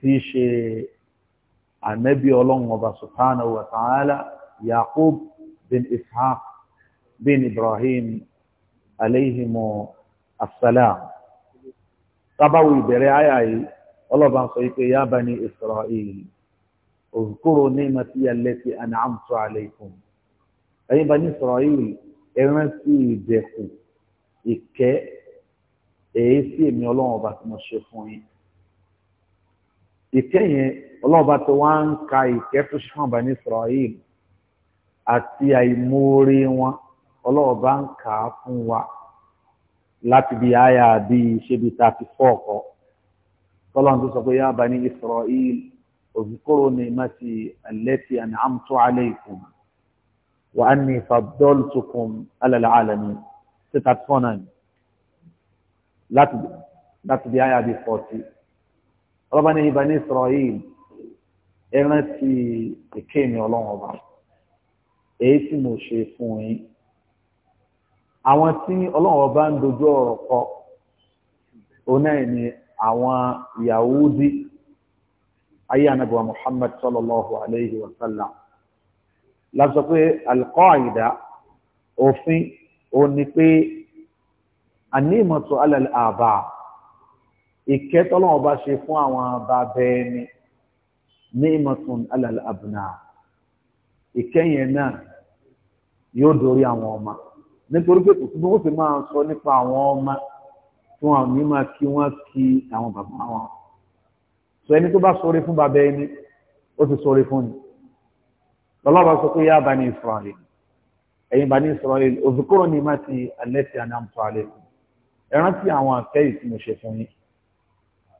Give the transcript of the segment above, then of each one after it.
tí í ṣe ànábì ọlọ́run ọba subhanahu wa ta'ala yaqub bin ishaq bin ibrahim alayhimu assalam tábàwò ìbẹ̀rẹ̀ àyà yìí ọlọ́ba sọ pé ya bani isra'il òkúrò ní mati allati an'amtu alaykum ẹ̀yin bani isra'il ẹran sí ìdẹ̀kù ìkẹ́ èyí sí èmi ọlọ́run ọba tí mo ṣe fún yín ìkẹ́ yẹn ọlọ́ọ̀bá tó wá ń ka ìkẹ́ tó ṣùgbọ́n bá ní Israel àti àìmoore wọn ọlọ́ọ̀bá ń kà á fún wa láti bí àyà bí ṣébi tàbí fọ́ọ̀kọ́ tọ́lọ́n tó sọ pé yá bá ní Israel òzùkúrò ní mẹ́tì allati an'amtu alaykum wa anni faddaltukum ala al-alamin ṣe tàbí fọ́ọ̀nà láti bí àyà bí fọ́ọ̀tì ọlọ́ba ní ibà ní Israel ẹran ti èké mi ọlọ́run ọba èyí tí mo ṣe fún yín àwọn tí ọlọ́run ọba ń dojú ọ̀rọ̀ kọ òun náà ni àwọn Yahudi ayé anabiwa Muhammad sallallahu alayhi wa sallam lásọ pé alqaida òfin òun pé ànímọ̀tò alẹ́ àbá ìkẹ́ tọ́lọ́wọ́ bá ṣe fún àwọn bàbá ẹni ní ìmọ̀tún alàlẹ́ àbùnà ìkẹ́ yẹn náà yóò dórí àwọn ọmọ nítorí pé kò túbọ̀ ó sì máa sọ nípa àwọn ọmọ tí wọn ní kí wọn kí àwọn bàbá wọn sọ ẹni tó bá sọrí fún bàbá ẹni ó sì sọrí fún ni tọ́lọ́wọ́ sọ pé yá Bani Israil ẹ̀yin Bani Israil òzùkúrò ní má ti alẹ́ ti àná àmútọ́ alẹ́ fún àwọn àkẹ́yìí tí mo ṣe fún yín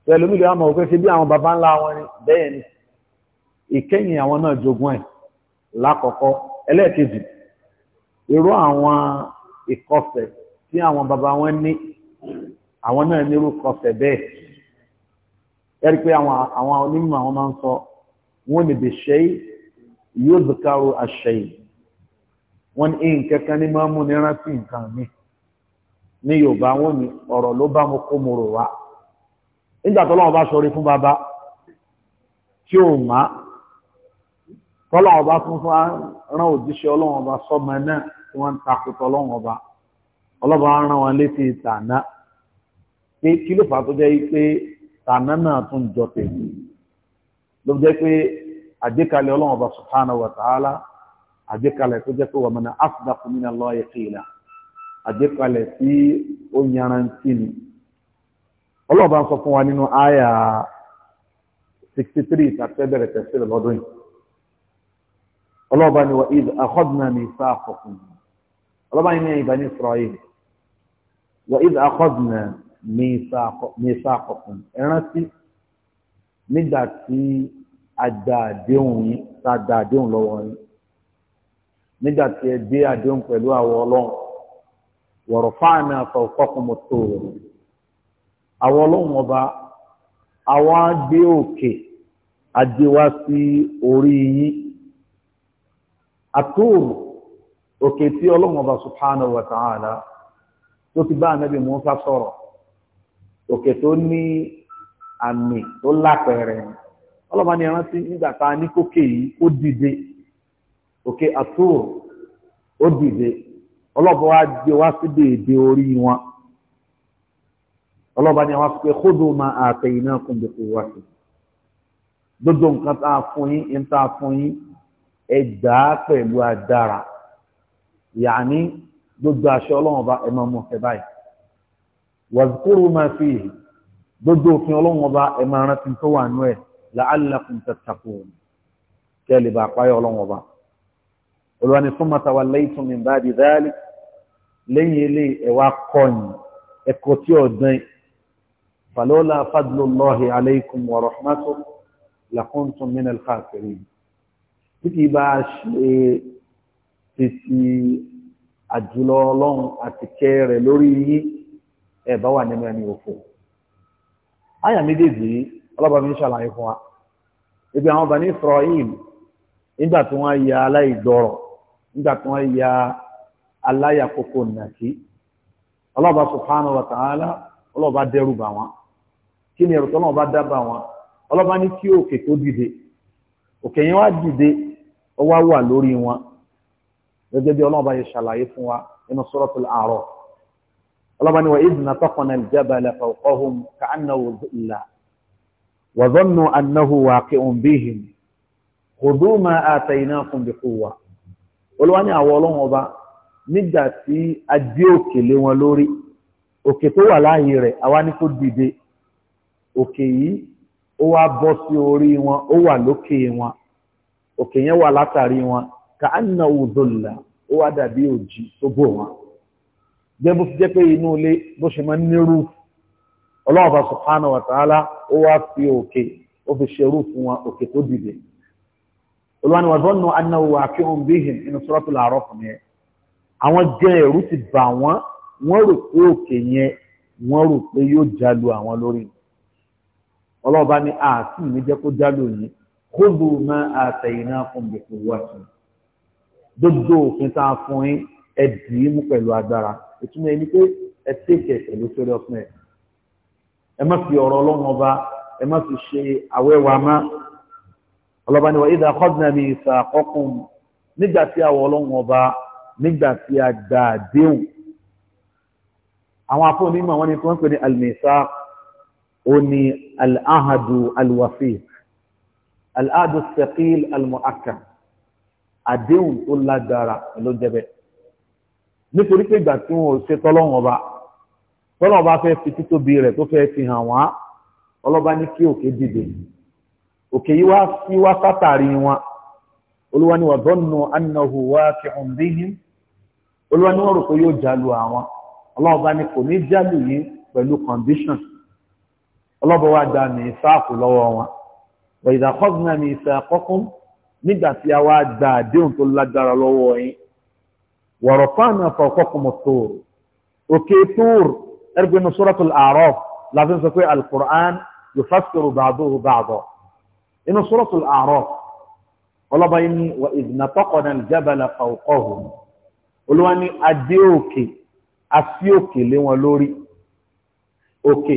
pẹ̀lú mílíọ̀ àmọ̀ òpé ṣe bí àwọn bàbá ńlá wọn ni bẹ́ẹ̀ ni ìkẹ́yìn àwọn náà jogún ẹ̀ lákọ̀ọ́kọ́ ẹlẹ́ẹ̀kejì irú àwọn ìkọsẹ̀ tí àwọn bàbá wọn ní àwọn náà nírú kọsẹ̀ bẹ́ẹ̀ ẹ̀rí pé àwọn onímọ̀ àwọn máa ń sọ wọ́n ni bí ṣe yóò dùkárò àṣẹ yìí wọ́n ní nǹkan kan ní máa ń mú ní rántí nǹkan mi ní Yorùbá wọ́n ní ọ̀rọ̀ ló bá mu kó mo rò wá nígbà tọ́lọ́wọ́ bá sọ̀rọ̀ fún bàbá tí ó má tọ́lọ́wọ́ bá fún fún rán òjíṣẹ́ ọlọ́wọ́ bá sọ́mọ náà tí wọ́n ń takò tọ́lọ́wọ́ bá ọlọ́wọ́ rán wọn létí tàná pé kí ló fà tó jẹ́ pé tàná náà tún jọ tèmi ló jẹ́ pé àgbékalẹ̀ ọlọ́wọ́ bá subhanahu wa ta'ala àgbékalẹ̀ tó jẹ́ pé wa man asdaqu minallahi qila àgbékalẹ̀ tí ọlọ́ọ̀bá ń sọ fún wa nínú àyà 63 tàbí bẹ̀rẹ̀ tẹ̀sílẹ̀ lọ́dún yìí ọlọ́ọ̀bá ni wa idh akhadna mithaqakum ọlọ́ọ̀bá yìí ní Bani Isra'il wa idh akhadna mithaqakum ẹ̀rántí nígbà tí àdá àdéhùn yìí tá a dá àdéhùn lọ́wọ́ yìí nígbà tí ẹ dé àdéhùn pẹ̀lú àwọn ọlọ́run wa rafa'na fawqakumu at-tur àwọn ọlọ́run ọba àwọn agbé òkè agbéwá sí orí yín àtòrò òkè tí ọlọ́run ọba subhanahu tó ti bá ànábì Mùsá sọ̀rọ̀ òkè tó ní àmì tó lápẹẹrẹ ọlọ́ba ni rántí nígbà tá a ní kókè yìí ó dìde òkè àtòrò ó dìde ọlọ́ba wọn. ọlọ́ba ni àwọn pé khudu ma atainakum bi quwwati gbogbo nǹkan tá a fún yín ń tá a fún yín ẹ dà á pẹ̀lú agbára yàní gbogbo aṣọ ọlọ́run ọba ẹ máa mú ọ̀fẹ́ báyìí wazkuru ma fihi gbogbo òfin ọlọ́run ọba ẹ máa rántí tó wà nú ẹ̀ la'allakum tattaqun kẹ́lẹ̀ bá pààyọ̀ ọlọ́run ọba olùwà ni summa tawallaytum min ba'di dhalik lẹ́yìn ilé ẹ̀wà kọ́yìn ẹ̀kọ́ tí ọ̀dán yìí. فلولا فضل الله عليكم ورحمته لكنتم من الخاسرين títí باش a ṣe títí àjùlọ ọlọ́run àti kẹ́ rẹ̀ lórí yín ẹ̀ bá wà nínú ẹni òfò. àyà méjèèjì ọlọ́ba mi ń ṣàlàyé fún wa ibi àwọn ọba ní Israel nígbà tí wọ́n ya aláìgbọ́rọ̀ nígbà tí wọ́n ya aláyàkókò nàkí ọlọ́ba subhanahu wa ta'ala ọlọ́ba dẹ́rù bà wọ́n kí ni ẹ̀rù tọ́lọ́wọ́n bá dábàá wọn ọlọ́ba ní kí òkè tó dìde òkè yẹn wá dìde ó wá wà lórí wọn gẹ́gẹ́ bí ọlọ́ba yẹn ṣàlàyé fún wa nínú Suratul A'raf ọlọ́ba ní wa idh nataqna al-jabala fawqahum ka'annahu dhillah wa dhannu annahu waqi'un bihim khudhu ma ataynakum biquwwa olúwa ní àwọn ọlọ́wọ́n nígbà tí adé òkè wọn lórí òkè tó wà láàyè rẹ̀ àwa ní kó dìde òkè yìí ó wá bọ́ sí orí wọn ó wà lókè wọn òkè yẹn wà látàrí wọn ká á nà òdòlà ó wá dàbí òjì tó bò wọn jẹ́ bó ti jẹ́ pé inú ilé bó ṣe máa ń ní rúùfù ọlọ́run bá subhanahu wa ta'ala ó wá fi òkè ó fi ṣe rúùfù wọn òkè tó dìde olùwàní wà zọ́nà anáwó àkíhùn bíhìn inú sọ́rọ́tù làárọ̀ fún yẹn àwọn jẹ́ ẹ̀rú ti bà wọ́n wọ́n rò pé òkè yẹn wọ́n rò pé yóò já àwọn lórí ọlọ́ọ̀bá ní àti ìníjẹ́ kó já lónìí kódù máa àtẹ̀yìnà fún bẹ̀kún wáṣí gbogbo òfin tá a fún yín ẹ dì í mú pẹ̀lú agbára ìtumọ̀ ẹni pé ẹ tẹ̀kẹ̀ pẹ̀lú sórí ọ̀fun ẹ̀ ẹ má fi ọ̀rọ̀ ọlọ́run ọba ẹ má fi ṣe àwẹ́wà má ọlọ́ba ni wà ìdá kọ́dùnà mi ìfà àkọ́kùn nígbà tí a wọ ọlọ́run ọba nígbà tí a gbà àdéhùn àwọn afọ́ wọn ni tí wọ́n pè ní àlùmíṣáàkù ó ní al'ahadu alwafi al'adu sẹ́kìl almuaka àdéhùn tó lágbára ló jẹ́bẹ̀ nítorí pé ìgbà tí wọn ò ṣe tọ́lọ́wọ́n ọba tọ́lọ́wọ́n ọba fẹ́ fi títóbi rẹ̀ tó fẹ́ fi hàn wá ọlọ́ba ní kí òkè dìde òkè yìí wá sí wá sátàrí wọn olúwa ni wà dọ́nù annahu waqi'un bihim olúwa ni wọ́n rò pé yóò jálù àwọn ọlọ́ọ̀bá ni kò ní jálù yìí pẹ̀lú condition ọlọ́bọ̀ wá gba mìíṣáàkù lọ́wọ́ wọn wọ̀ ìdàkọ́gbìnà mìíṣáàkọ́kún nígbà tí a wá gba àdéhùn tó lágbára lọ́wọ́ yín wọ̀rọ̀ fáànà fọ̀kọ́kùn mọ̀ tóòrù òkè tóòrù ẹgbẹ́nu suratul A'raf láti sọ pé alukur'an yufassiru ba'duhu ba'da inú suratul A'raf ọlọ́bọ̀ yín ni wà ìdìnàtọ́kọ̀nà jabala fawqahum olúwa òkè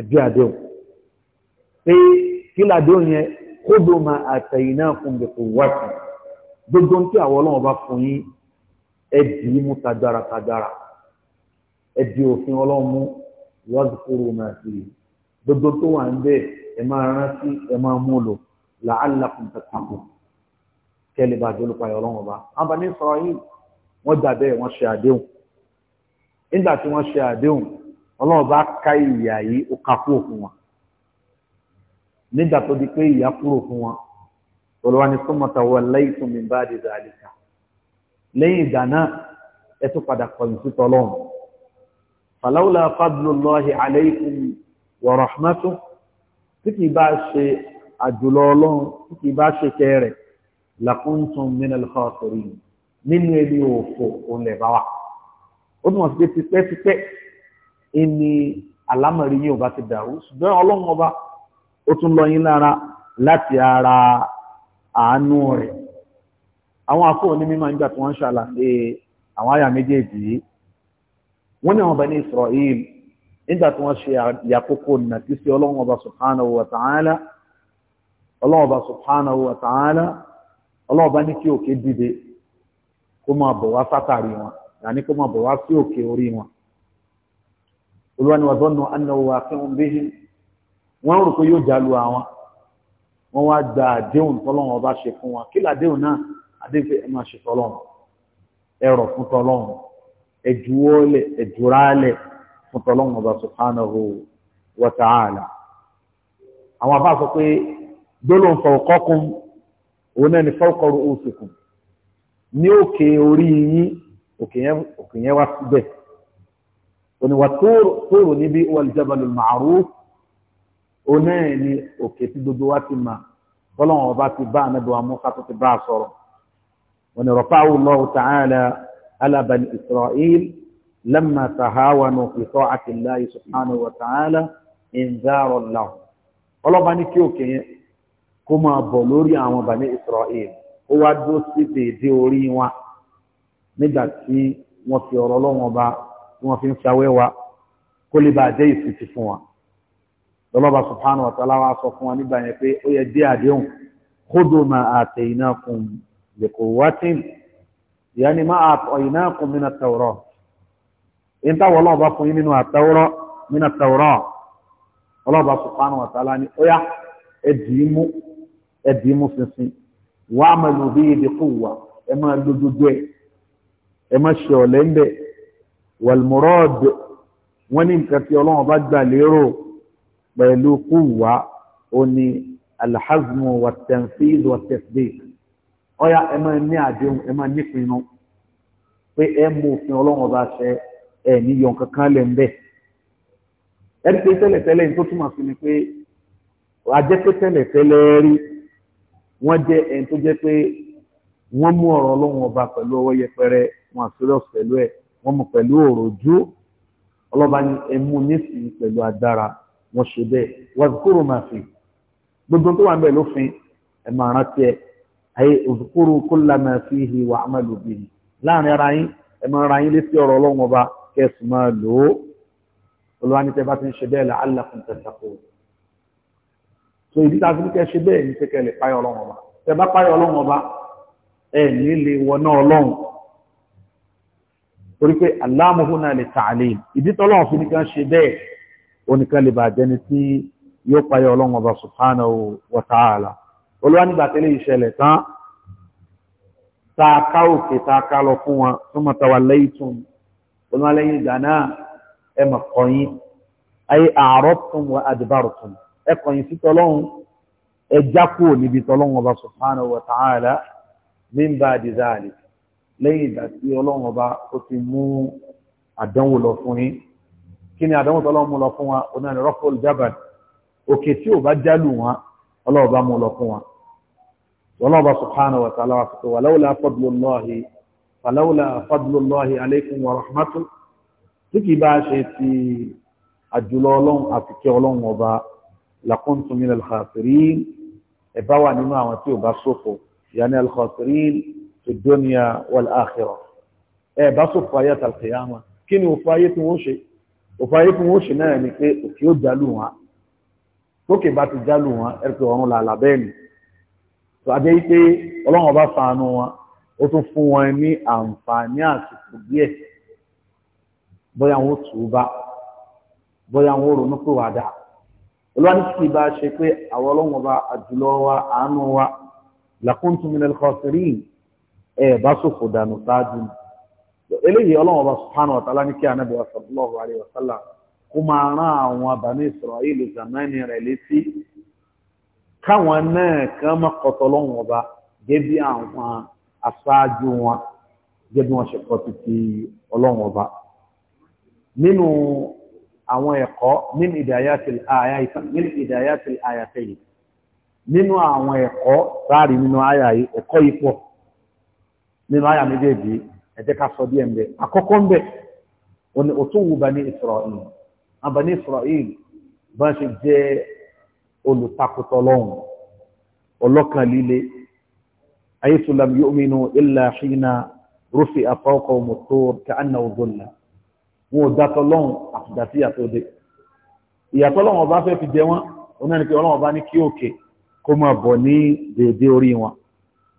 ẹbí àdéhùn pé kí làdéhùn yẹn kó ló máa àtẹ̀yìn náà fún mi kò wáṣí gbogbo tí àwọn ọlọ́run bá fún yín ẹbí mú tagbára tagbára ẹbí òfin ọlọ́run mú wazkuru ma fi gbogbo tó wà ń bẹ ẹ máa rántí ẹ máa mú lò la'allakum tattaqun kẹ́lẹ́ bá jẹ́ olùpayọ̀ ọlọ́run ọba abàní sọ̀rọ̀ yìí wọ́n gbà bẹ́ẹ̀ wọ́n ṣe àdéhùn nígbà tí wọ́n ṣe àdéhùn ọlọ́run bá ká ìyà yìí ó ká kúrò fún wọn nígbà tó di pé ìyà kúrò fún wọn olùwà ní súnmọ́ta wọ lẹ́yìn tó mi bá dìde àdìsá lẹ́yìn ìgbà náà ẹ tún padà kọ̀yìn sí tọ́lọ́run fàlàwùlà fadlullahi alaykum wa tí kì í bá ṣe àjùlọ ọlọ́run tí kì í bá ṣe kẹrẹ̀ lakuntum minal khasirin nínú ẹni òfò òun bá wà ó dùn wọ́n ti pé tipẹ́tipẹ́ ẹni àlámọ̀rí yìí ọba ti dàrú ṣùgbọ́n ọlọ́run ọba ó tún lọ yín lára láti ara àánú rẹ̀ àwọn afọ ní mímọ̀ nígbà tí wọ́n ṣàlàyé àwọn àyà méjèèjì yìí wọn ni àwọn Bani Israel nígbà tí ṣe àyàkókò nàkí sí ọlọ́run ọba subhanahu wa ta'ala ọlọ́run ọba olúwa ni wà tọ́nu anáwó akẹ́wọ̀n bẹ́ẹ̀ wọ́n rò pé yóò já lu àwọn wọ́n wá gba àdéhùn tọ́lọ́run ọba ṣe fún wọn kí làdéhùn náà àdéhùn ẹ máa ṣe tọ́lọ́run ẹrọ̀ fún tọ́lọ́run ẹ̀dúwọ́lẹ̀ ẹ̀dúrálẹ̀ fún tọ́lọ́run ọba subhanahu wa ta'ala àwọn afá sọ pé gbólóhùn fọ̀ọ̀kọ́kún òun náà ni fọ́ọ̀kọ́rù òsìkùn ní òkè orí yín òkè yẹn wá síbẹ̀ òní wà tóòrò níbi wàlìjábalù màrú oná ẹ̀ ní òkè tí gbogbo wa ti mà bọ́lọ́wọ́n ọba ti bá ànábì wa Mùsá tó ti bá a sọ̀rọ̀ òní rọ̀fáwù lọ́wọ́ ta'ala ala bani Isra'il lamma tahawanu fi ta'ati Allahi subhanahu wa ta'ala inzaro lahu ọlọ́ba ní kí òkè yẹn kó máa bọ̀ lórí àwọn bani Isra'il ó wá dó sí dèédé orí wọn nígbà tí wọ́n fi ọ̀rọ̀ Ọlọ́run ọba tí wọ́n fi ń ṣàwẹ́ wa kó lè bá jẹ́ ìfìtì fún wa lọ́lọ́ba subhanahu wa ta'ala wa sọ fún wa nígbà yẹn pé ó yẹ dé àdéhùn khudu ma atainakum bi quwwatin yani ma atainakum min at-tawrah in táwọn ọlọ́ọ̀bá fún yín nínú at-tawrah min at ọlọ́ọ̀bá subhanahu wa ta'ala ni ó yá ẹ̀dìímú ẹ̀dìímú sínsìn wa'malu bihi bi quwwa ẹ máa lójoojú ẹ ẹ máa ṣe ọ̀lẹ́ والمراد wọ́n ní nǹkan tí ọlọ́run bá gbà lérò pẹ̀lú kúwà ó ní alhazmu watanfid watasdik ọ̀yà ẹ máa ní àdéhùn ẹ máa nípinnu pé ẹ mú òfin ọlọ́run bá ṣe ẹ níyọ kankan lẹ̀ ń bẹ̀ ẹ ti tẹ́lẹ̀tẹ́lẹ̀ tó túmọ̀ sí ni pé ajẹ́pẹ́ tẹ́lẹ̀tẹ́lẹ̀ rí wọ́n jẹ́ ẹni tó jẹ́ pé wọ́n mú ọ̀rọ̀ ọlọ́run ọba pẹ̀lú ọwọ́ yẹpẹrẹ wọn àṣírí ọ̀sẹ̀ wọ́n mú pẹ̀lú òròjú ọlọ́ba ní ẹmú nísìnyí pẹ̀lú agbára wọ́n ṣe bẹ́ẹ̀ wọ́n kúrò máa fi gbogbo tó wà ń bẹ̀ lófin ẹ máa rántí ẹ ayé òkúrò kólà máa fi hi wà á máa lò bí i láàrin ara yín ẹ máa ra yín létí ọ̀rọ̀ ọlọ́run ọba kẹsùn máa lò ó olúwa ní tẹ́ ti ń ṣe bẹ́ẹ̀ là á làkùn tẹ̀sàkó so ìdí tá a fi kẹ́ ṣe bẹ́ẹ̀ ní kẹ́kẹ́ lè páyọ̀ torí pé aláàmúhúnà lè tààlé ìdí tọ́lọ́run fi nìkan ṣe bẹ́ẹ̀ oníkan lè bà jẹni tí yóò payọ ọlọ́run ọba subhanahu wa ta'ala olúwa nígbà tẹ́lẹ̀ ìṣẹ̀lẹ̀ tán tààká òkè tààká lọ fún wọn tó mọ̀ tàwà lẹ́yìn tún olúwa lẹ́yìn ìgbà náà ẹ mọ̀ kọ̀yìn ayé àárọ̀ tún wọ àdìbàrò tún ẹ kọ̀yìn sí tọ́lọ́run ẹ já níbi tọ́lọ́run ọba subhanahu wa ta'ala min lẹ́yìn ìgbà tí ọlọ́run ọba ó ti mú àdánwò lọ fún yín kí ni àdánwò tọ́lọ́run mú lọ fún wa ọ̀nà ni rọ́pọ̀lù jábàd òkè tí ò bá jálù wọn ọlọ́run ọba mú lọ fún wa ọlọ́run ọba subhanahu wa ta'ala wa sọ̀tọ̀ wàláwùlà fadlullahi wàláwùlà fadlullahi alaykum wa rahmatu tí kì í bá ṣe ti àjùlọ ọlọ́run àti kí ọlọ́run ọba lakuntum minal khasirin ẹ fi dunya wal akhirah ẹ bá sọ fún ayé àtàlùkìyàmà kí ni òfò ayé tí wọ́n ṣe òfò ayé tí wọ́n ṣe náà ni pé òkè ó jálù wọn tókè bá ti jálù wọn ẹ pé ọ̀run làlà bẹ́ẹ̀ ni àdé pé ọlọ́run ọba fàánú wọn ó tún fún wọn ní àǹfààní àsìkò díẹ̀ bóyá wọn ó tù ú bá bóyá wọn ó ronú pé wàá dà olúwa ní kí bá ṣe pé àwọn ọlọ́run ọba àjùlọ wa àánú wa lakuntum minal khasirin ẹ̀ bá ṣòfò dànù sáájú ni eléyìí ọlọ́run bá subhanahu wa ta'ala ní kí anábì wa sallallahu alayhi wa sallam kó máa rán àwọn Bani Isra'il zamani rẹ̀ létí káwọn náà kàn má kọtọ lọ́wọ́n ọba gẹ́bí àwọn aṣáájú wọn gẹ́bí wọn ṣe kọ́ títí ọlọ́wọ́n ọba nínú àwọn ẹ̀kọ́ min hidayatil ayatayn nínú àwọn ẹ̀kọ́ sáàrí nínú àyà ẹ̀kọ́ yìí pọ̀ nínú àyà méjèèjì ẹ jẹ́ ká sọ díẹ̀ mbẹ́ àkọ́kọ́ mbẹ́ òní òtún wù bani Isra'il abani Isra'il bá ṣe jẹ́ olùtakùtọ̀ lọ́hùn ọlọ́kan líle haythu lam yu'minu illa hina rufi fawqahum at-tur ka'annahu dhulla wọn ò dátọ́ lọ́hùn àtìgbàtí ìyàtọ̀ dé ìyàtọ̀ lọ́hùn ọba fẹ́ fi jẹ wọn onáni pé ọlọ́hùn ọba ní kí òkè kó máa bọ̀ ní déédéé orí wọn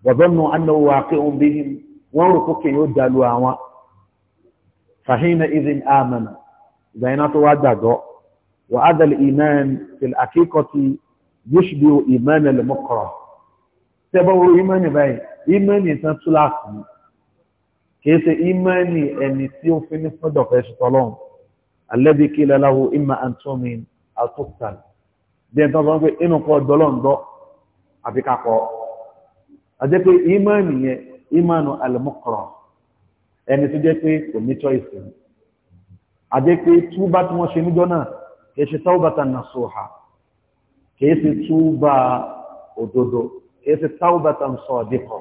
وظنوا أنه واقع بهم ورقك يدلوا عوا فحينئذ آمن بينات ودقوا وهذا الإيمان في الحقيقة يشبه إيمان المقرأ تبعوا إيمان باي إيمان يتنسلاكم كيس إيمان أن يسيو في نفسه فيش طالون الذي قيل له إما أن تؤمن أو تقتل دي انتظروا إنه قد دولون دو أبيك أقوى àjẹ́ pé ìmánì yẹn ìmánu àlùmọ́kọ̀rọ̀ ẹni tó jẹ́ pé kò ní choice ni àjẹ́ pé túbá tí wọ́n ṣe níjọ́ náà kìí ṣe táwùbátà nàṣọ́ha kìí ṣe túbá òdodo kìí ṣe táwùbátà sọ̀díkọ̀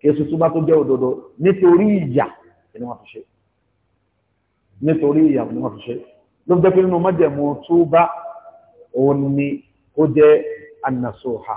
kìí ṣe túbá tó jẹ́ òdodo nítorí ìyà ni wọ́n fi ṣe nítorí ìyà ni wọ́n fi ṣe ló jẹ́ pé nínú mọ́jẹ̀mú túbá òun ni ó jẹ́ ànàṣọ́ha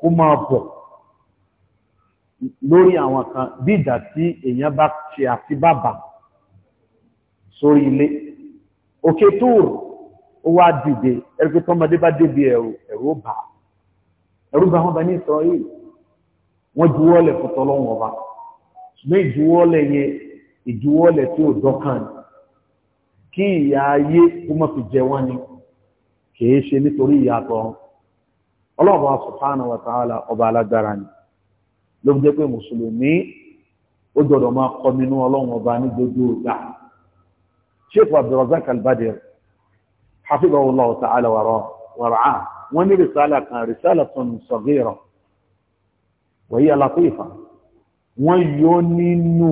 kó máa bọ̀ lórí àwọn kan bí ìgbà tí èèyàn bá ṣe àti bàbà sórí ilé òkè tóòrò ó wá dìde ẹgbẹ́ tọ́mọdé bá débi ẹ̀rù ẹ̀rù bà ẹ̀rù bà wọn bá ní ìsọ̀rọ̀ yìí wọ́n juwọ́lẹ̀ fọ́tọ́ lọ́wọ́ ọba ṣùgbọ́n ìjuwọ́lẹ̀ yẹn ìjuwọ́lẹ̀ tí ò dọ́kàn kí ìyá ayé kó má fi jẹ wọ́n ni kì ṣe nítorí ìyàtọ̀ Allahu subhanahu wa ta'ala ọba alágbára ni ló jẹ́ pé mùsùlùmí ó gbọ́dọ̀ máa kọminú ọlọ́run ọba ní gbogbo ìgbà sheikh abdulrazak albadir hafidhahullahu ta'ala wàrà wọn ní rìsálà kan rìsálà tún saghira wa hiya latifa wọ́n yọ nínú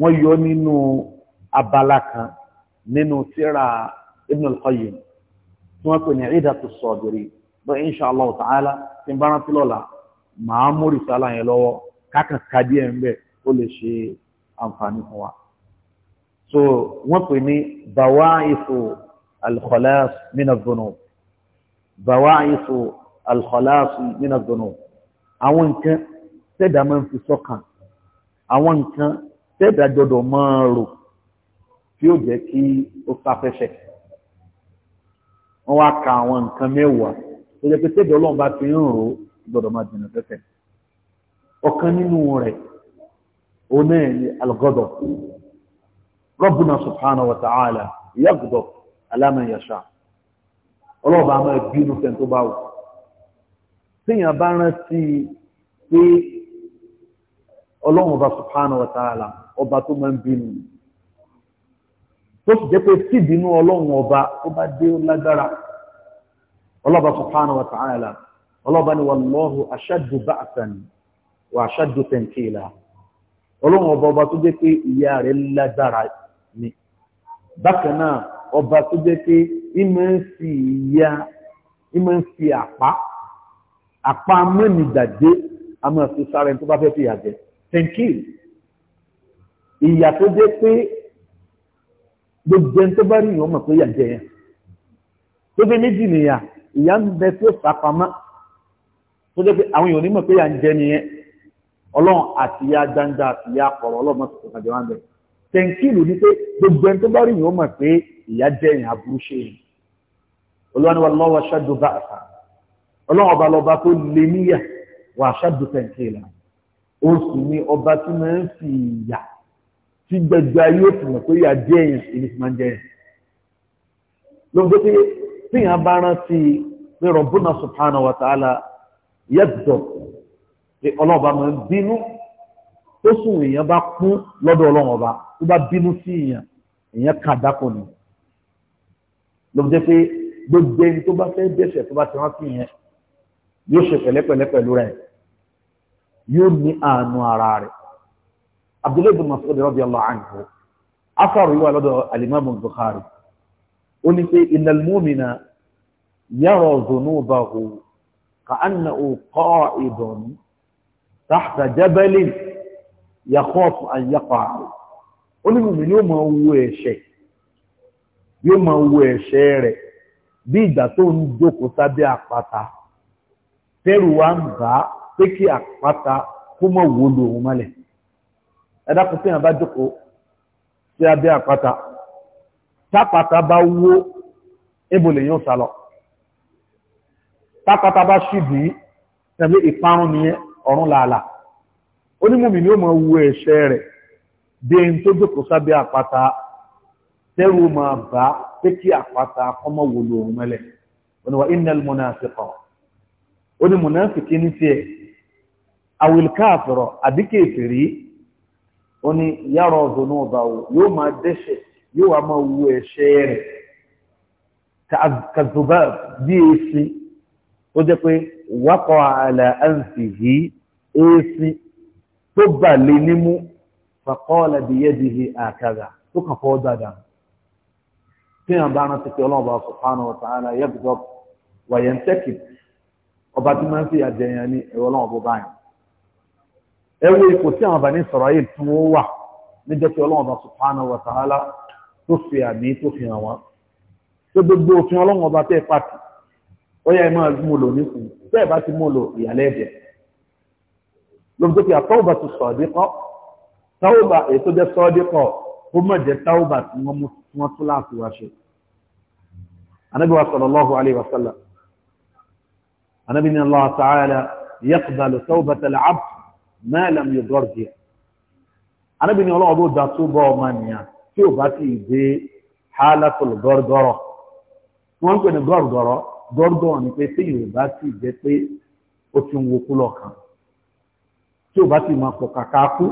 wọ́n yọ nínú abala kan nínú tírà ibn al-qayyim tí wọ́n pè ní ìdàtú sọ̀dìrì bọ́ insha Allah ta'ala tí n bá rántí lọ́la màá mú rìsálà yẹn lọ́wọ́ kákan ka díẹ̀ ń bẹ̀ ó lè ṣe àǹfààní fún wa. so wọ́n pè ní bawaisu al-khalas min adh-dhunub bawaisu al-khalas min adh-dhunub àwọn nǹkan tẹ́dà máa ń fi sọ́kàn àwọn nǹkan tẹ́dà gbọ́dọ̀ máa rò tí ó jẹ́ kí ó sáfẹ́fẹ́ wọ́n wá ka àwọn nǹkan mẹ́wàá tó yẹ pé tẹ́jọ́ ọlọ́run bá fi ń rò ó gbọ́dọ̀ máa jìnnà tẹ́tẹ́ ọ̀kan nínú rẹ̀ òun náà ni algọ́dọ̀ Rabbuna subhanahu wa ta'ala yaghdab ala man yasha ọlọ́ọ̀bá máa bínú fẹ́ tó bá wù tíyàn bá rántí pé ọlọ́run ọba subhanahu wa ta'ala ọba tó máa ń bínú tó sì jẹ́ pé síbínú ọlọ́run ọba tó bá dé lágbára ọlọ́ba subhanahu wa ta'ala ọlọ́ba ni wallahu ashaddu ba'san wa ashaddu tankila ọlọ́run ọba ọba tó jẹ́ pé ìyà rẹ̀ lágbára ni bákan náà ọba tó jẹ́ pé ìmọ̀ ń fi ìyà ìmọ̀ ń fi àpá àpá mẹ́nìdàgbé a fi sára tó bá fẹ́ fi ìyà jẹ tankil tó jẹ́ pé gbogbo ẹni tó bá rí ìyàn mọ̀ pé ìyà jẹ yẹn tó fi méjì nìyà ìyá ń bẹ tí ó sàpamọ́ tó jẹ́ pé àwọn èèyàn onímọ̀ pé yà ń jẹ nìyẹn ọlọ́run àti ìyá gbangba àti ìyá kọ̀rọ̀ ọlọ́mọ tó kàn jẹ́ wọn bẹ̀. tẹ̀ǹkìlù ni pé gbogbo ẹni tó bá rí ìyẹn ó mọ̀ pé ìyá jẹ́ ìyẹn aburú ṣe yẹn olùwàní lọ́wọ́ aṣáájú bá àṣà ọlọ́run ọba lọ́ba tó lé níyà wà aṣáájú tẹ̀ǹkìlà ó ń fi pé tí yàn bá rántí pé Rabbuna subhanahu wa ta'ala yẹ́dọ̀ pé ọlọ́ọ̀bá máa ń bínú tó sùn èèyàn bá kún lọ́dọ̀ ọlọ́run ọba tó bá bínú sí èèyàn èèyàn kà dákọ̀ ni ló jẹ́ pé gbogbo ẹni tó bá fẹ́ dẹ́ṣẹ̀ tó bá ti rántí yẹn yóò ṣe pẹ̀lẹ́pẹ̀lẹ́ pẹ̀lú rẹ̀ yóò ní àánú ara rẹ̀ Abdullahi bin Mas'ud radiyallahu anhu afárò yìí wà lọ́dọ̀ alimami Bukhari ó ní pé innal mu'mina yara dhunubahu ka'annahu qa'idun tahta jabalin yakhafu an yaqa'a ó ní mùmí ni ó máa wo ẹ̀ṣẹ̀ yóò máa wo ẹ̀ṣẹ̀ rẹ̀ bí ìgbà tó ń jókòó sábẹ́ àpáta tẹ́rù wa ń bá pé kí àpáta kó mọ̀ wó lu mọ́lẹ̀ ẹ dákun sí àwọn sí abẹ́ àpáta tápàtà bá wó ébò lè yóò sálọ tápàtà bá ṣìdí tẹ̀lé ìparun nìyẹn ọ̀run làálà onímọ̀mí ni ó mọ̀ wo ẹ̀ṣẹ̀ rẹ̀ bí ẹni tó jókòó sábẹ́ àpáta tẹ́rù máa bá pé kí àpáta kọ́mọ wò lò òun mẹ́lẹ̀ oníwà innal munafiqa oní mùnàfìkì ní tiẹ̀ àwìlká àfẹ̀rọ̀ àbíkè ìfèrí oní yàrá ọ̀dùnú ọ̀bà yóò máa dẹ́ṣẹ̀ yóò wá máa wo ẹ̀ṣẹ̀ rẹ̀ kàzùbá bí èsì tó jẹ́ pé wákọ̀ àlà àǹfì yìí èsì tó bà lè nímú fàkọ́ọ̀lá bí yẹ́dìhì àkàrà tó kàn fọ́ dáadáa tí wọ́n bá rántí pé ọlọ́ọ̀bá subhanahu wa ta'ala yẹ́bùdọ́ wàyẹ̀ ń tẹ́kì ọba tí máa fi àjẹyàn ní ẹ̀rọ ọlọ́ọ̀bá báyìí ẹ wo ipò tí àwọn bàní Ísírẹ́lì tí wọ́n wà níjọ́ pé ọlọ́ọ̀bá subhanahu wa ta'ala tó fi àmì tó fi hàn wá tó gbogbo òfin ọlọ́run ọba tẹ́ pàtì ó yẹ ẹ máa mú lò nísìn bẹ́ẹ̀ bá ti mú lò ìyàlẹ́ ẹ̀jẹ̀ lóòótọ́ pé àtọ́wọ́bà ti sọ̀ọ́dí kọ́ táwọ́bà èyí tó jẹ́ sọ́ọ́dí kọ́ kó mọ̀ jẹ́ táwọ́bà tí wọ́n mú wọn tún láti wá ṣe anábì wa sallallahu alaihi wa sallam anábì ní Allah ta'ala yaqbalu tawbata al-abd ma lam yudarji anábì ní ọlọ́wọ́ bó dá tó bọ́ ọmọ nìyàn tí ò bá ti dé hálàtòlù gọ́rọ̀gọ́rọ̀ wọ́n ń pè ní gọ́rọ̀gọ́rọ̀ gọ́rọ̀gọ́rọ̀ ni pé tí ò bá ti jẹ́ pé ó ti ń wo kú lọ́kàn tí ò bá ti máa pọ̀ kàkà kú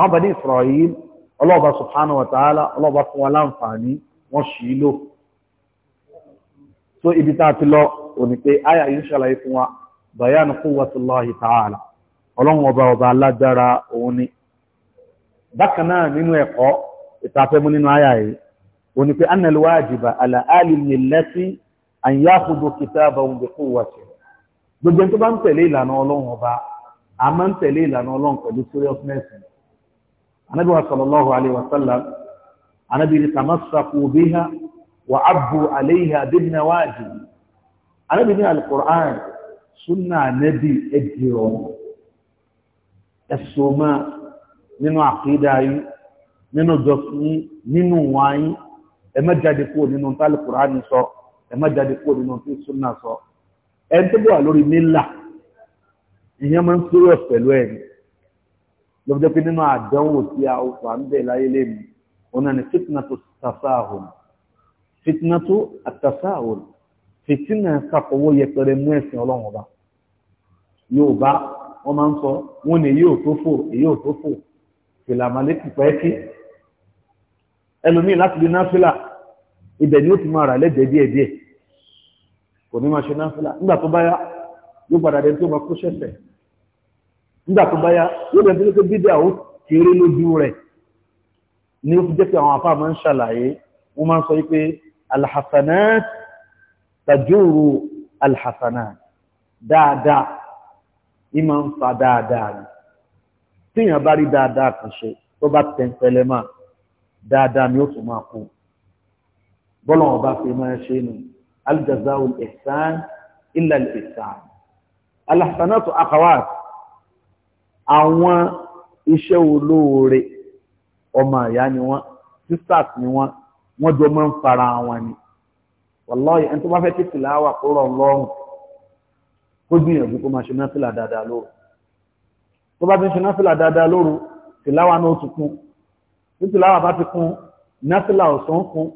àwọn bá ní Israel ọlọ́ọ̀bá subhanahu wa ta'ala ọlọ́ọ̀bá fún wa láǹfààní wọ́n ṣì í lò so ibi tá a ti lọ òní pé àyà yìí ń ṣàlàyé fún wa bayanu quwwatullahi ta'ala ọlọ́run ọba ọba alágbára òun ni bákan náà nínú ẹ̀kọ́ ìtafẹ́mú nínú àyà yìí o ní pé annal wajiba ala ali millati an yakhudhu kitabahum bi quwwati gbogbo tó bá ń tẹ̀lé ìlànà ọlọ́run ọba a máa ń tẹ̀lé ìlànà ọlọ́run pẹ̀lú seriousness anabi wa sallallahu alayhi wa sallam anabi ni tamassaku biha wa abbu anabi ni ẹsọ máa nínú àkídá yìí nínú jọsìn nínú wáyín ẹ má jáde kúrò nínú tálí kùránì sọ ẹ má jáde kúrò nínú tí súnà sọ ẹ ń tẹ́bọ̀ wà lórí mílà ìyẹn máa ń sórí pẹ̀lú ẹ̀ ní lọ́jọ́ pé nínú àdánwò tí a wà ń bẹ̀ láyé lẹ́nu òun náà ni fitnatu tasahul fitnatu atasahul fitina kakọwọ yẹpẹrẹ mú ẹ̀sìn ọlọ́run ọba yóò bá wọn máa ń sọ wọn ni èyí ò tó fò èyí ò tó fò fìlàmàlẹ́kì pẹ́ẹ́kì ẹlòmíì láti lè náfílà ibẹ̀ ni ó ti máa rà lẹ́jẹ̀ díẹ̀ díẹ̀ kò ní máa ṣe náfílà nígbà tó bá yá yóò padà dé tó máa kó ṣẹ̀ṣẹ̀ nígbà tó bá yá yóò dẹ̀ tó bídẹ̀ àwọn kéré lójú rẹ̀ ni ó fi jẹ́ pé àwọn afá máa ń ṣàlàyé wọ́n máa ń sọ wípé alhassanat tajuru alhassanat dáadáa ìmọ̀ ń fa dáadáa ni tíyàn bá rí dáadáa kan ṣe tó bá tẹ̀ ń pẹlẹ máa dáadáa ni ó tún máa kú bọ́lá wọn bá fi máa ṣe nu aljazawu ihsan illa ihsan alhasanatu akawat àwọn iṣẹ́ olóore ọmọ ìyá ni wọ́n sisters ni wọ́n wọ́n jọ máa ń fara wọn ni wàláyé ẹni tó bá fẹ́ tètè láwà kó rọ̀ lọ́rùn kó gbìyànjú kó máa ṣe náfìlà dáadáa lóru tó bá ti ń ṣe náfìlà dáadáa lóru tìláwà náà tún kún nítorí àwọn bá ti kún násílà ọ̀sán kún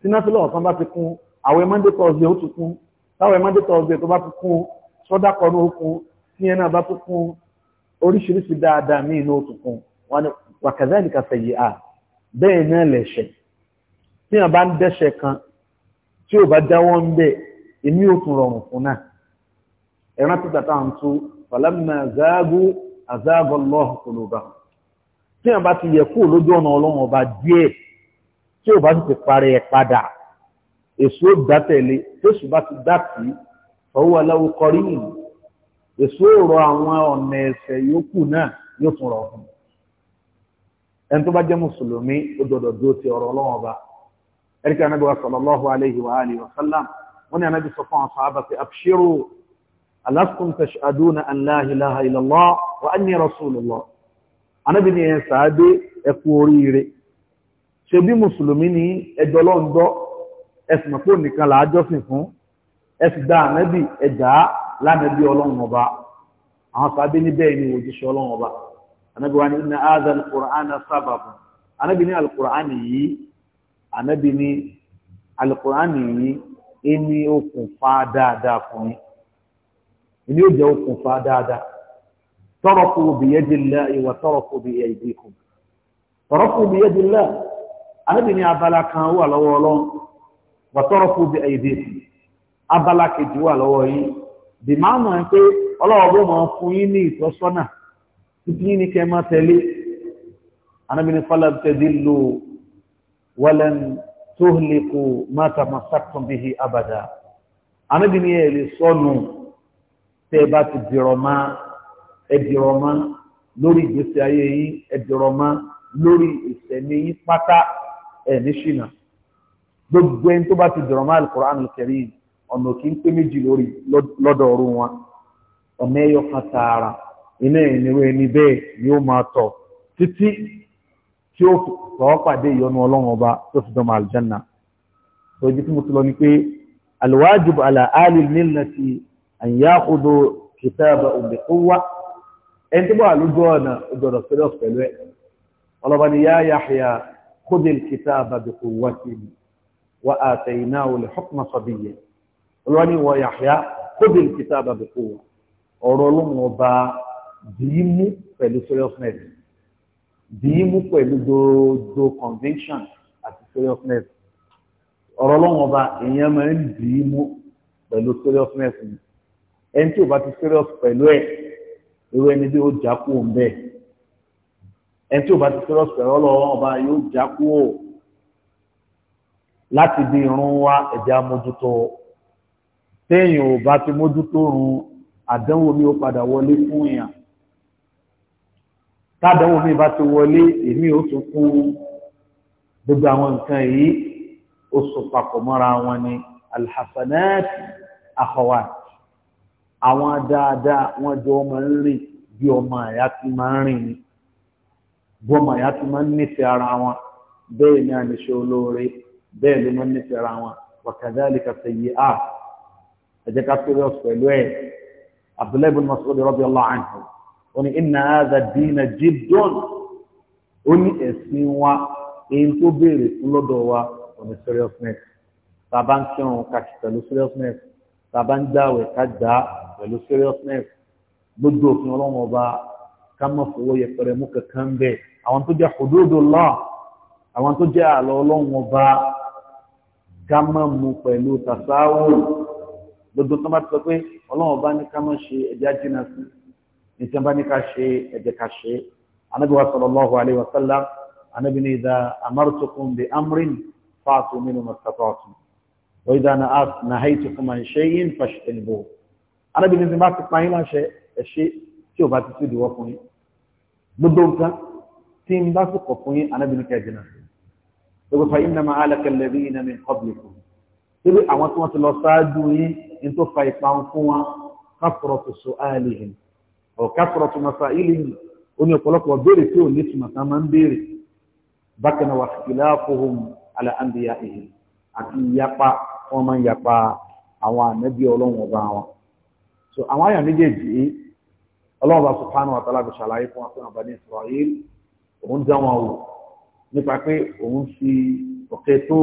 tí násílà ọ̀sán bá ti kún àwẹ̀ monday thursday ó ti kún táwẹ̀ monday thursday tó bá ti kún sọ́dá kọnú ó kún tí ẹ náà bá ti kún oríṣiríṣi dáadáa ní ó ti kún wọn ni wàkàzẹ́nìkà fẹ̀yì à bẹ́ẹ̀ náà lẹ̀ṣẹ̀ tí wọn bá ń dẹ́ṣẹ̀ kan tí ò bá jáwọ́ ń bẹ̀ èmi ò tún rọrùn fún náà ẹ̀rántí tàtà ń tú falamma tí wọ́n bá ti yẹ kúrò lójú ọ̀nà ọlọ́run ọba díẹ̀ tí ò bá ti parẹ́ ẹ̀ padà èso ó dátẹ̀lé tóṣù bá ti dátì ọwọ́ aláwo kọrí nìyí èso rọ àwọn ọ̀nà ẹ̀sẹ̀ yòókù náà yóò tún rọ ọ̀hún ẹni tó bá jẹ́ mùsùlùmí ó dọ̀dọ̀ dúró ti ọ̀rọ̀ ọlọ́run ọba ẹ̀ríkà anábì wa sallallahu wa alihi wa sallam wọ́n ní anábì sọ fún àwọn sàábà pé abshiru alaskum tashaduna an ilaha illallah wa anni rasulullah anábì ní ẹ̀yẹn sàádé ẹkùn oríire ṣe bí mùsùlùmí mọ̀pọ̀ nìkan làájọ́sìn fún dá lánàbí ọlọ́run ọba àwọn ni òjíṣẹ́ ọlọ́run ọba anábì wa ní inna hadha al sábàbù anábì ní al yìí anábì ní al yìí ẹni okùnfà dáadáa fún yín ẹni ó okùnfà tarafu biyadillahi wa tarafu bi aydikum tarafu biyadillahi ànábì ní abala kan wà lọ́wọ́ Ọlọ́run wa tarafu bi aydikum abala kejì wà lọ́wọ́ yín bí máa mọ̀ pé Ọlọ́run bó máa fún yín ní ìtọ́sọ́nà títí ní kẹ́ máa tẹ̀lé ànábì ní falan tadillu walan tuhliku ma tamassaktum bihi abada ànábì ní ẹ̀ lè sọnù tẹ́ bá ti dìrọ̀ máa ẹ̀dìrọ̀mọ́ lórí ìgbésí ayé yín ẹ̀dìrọ̀mọ́ lórí ìsẹ̀mí yín pátá ẹ̀ ní ṣìnà gbogbo ẹni tó bá ti dìrọ̀mọ́ alukur'an kẹrin ọ̀nà kì í pé méjì lórí lọ́dọ̀ ọ̀run wọn ọ̀nà ẹ̀yọ kan tààrà iná ìnirú ẹni bẹ́ẹ̀ ni ó máa tọ̀ títí tí ó sọ̀ọ́ pàdé ìyọnu ọlọ́run ọba tó fi dánmọ̀ àlùjánná tó ibi tí mo ti lọ ni pé alwajib ala alil millati an ya'khudhu kitaba bi quwwah ẹni tó bá lójú ọ̀nà ìgbọ̀dọ̀ serious pẹ̀lú ẹ̀ ọlọ́ba ni yáa Yahya khudil kitaba bi quwwatin wa ataynahu al-hukma sabiyyan ọlọ́ba ni wọ́n Yahya khudil kitaba bi quwwa ọ̀rọ̀ ọlọ́run ọba dìí mú pẹ̀lú seriousness dìí mú pẹ̀lú gbogbo conviction àti seriousness ọ̀rọ̀ ọlọ́run ọba máa ń dìí pẹ̀lú seriousness irú ẹni bí ó já kú òun bẹ́ẹ̀ ẹni tí ò bá ti fẹ́ lọ́sọ̀rọ̀ ọlọ́run ọba yóò já kú ò láti bí irun wa ẹ̀jẹ̀ amójútó téèyàn ò bá ti mójútó run àdánwò mi ó padà wọlé fún èèyàn tádánwò mi bá ti wọlé èmi ò tún kú gbogbo àwọn nǹkan yìí ó so papọ̀ mọ́ra wọn ni alhassanat akhawat àwọn dáadáa wọn jọ ọmọ ń rìn bí ọmọ àyà ti máa ń rìn ni bí ọmọ àyà ti máa ń nífẹ̀ẹ́ ara wọn bẹ́ẹ̀ ni àníṣe olóore bẹ́ẹ̀ ló máa ń nífẹ̀ẹ́ ara wọn wàkàdá àlìkàtà yìí á ẹ̀jẹ̀ ká pẹ̀lú ẹ̀ abdullahi bin masoud radiyallahu anhu ó ní ó ní ẹ̀sìn wa èyí tó béèrè fún tàbá ń dáwẹ̀ ká dá pẹ̀lú seriousness gbogbo òfin ọlọ́run ọba ká mọ̀ fowó yẹpẹrẹ mú kankan bẹ́ẹ̀ àwọn tó jẹ́ hududullah àwọn tó jẹ́ àlọ́ ọlọ́run ọba ká mọ̀ mú pẹ̀lú tàṣáwò gbogbo tó bá ti sọ pé ọlọ́run ọba ní ká mọ̀ ṣe ẹ̀já jìnnà sí nítorí bá ní ká ṣe ẹ̀jẹ̀ ká ṣe anábì wa sallallahu alayhi wa sallam anábì ní idha amartukum bi amrin fa'tu minhu mastata'tum وإذا أنا نهيتكم عن شيء فاجتنبوه أنا بالنسبة ما تسمعين عن شيء الشيء شوف هتسيدي وفوني بدون كان تيم باسق وفوني أنا بالكاجنة يقول فإنما علك الذين من قبلكم ibi àwọn tí wọ́n ti lọ ṣáájú yín ní tó fa ìparun fún wọn kásọ̀rọ̀tù su'alihim ọ̀ kásọ̀rọ̀tù masailihim ó ní ọ̀pọ̀lọpọ̀ béèrè tí ò ní túmọ̀ tá máa ń béèrè bákan náà wà ikhtilafuhum ala anbiya'ihim àti ìyapa wọ́n máa ń yapa àwọn ànábì ọlọ́run ọba wọn so àwọn àyà méjèèjì ọlọ́run ọba subhanahu wa ta'ala fi ṣàlàyé fún wa pé àbáni Israel òun dá wọn wò nípa pé òun fi òkè tó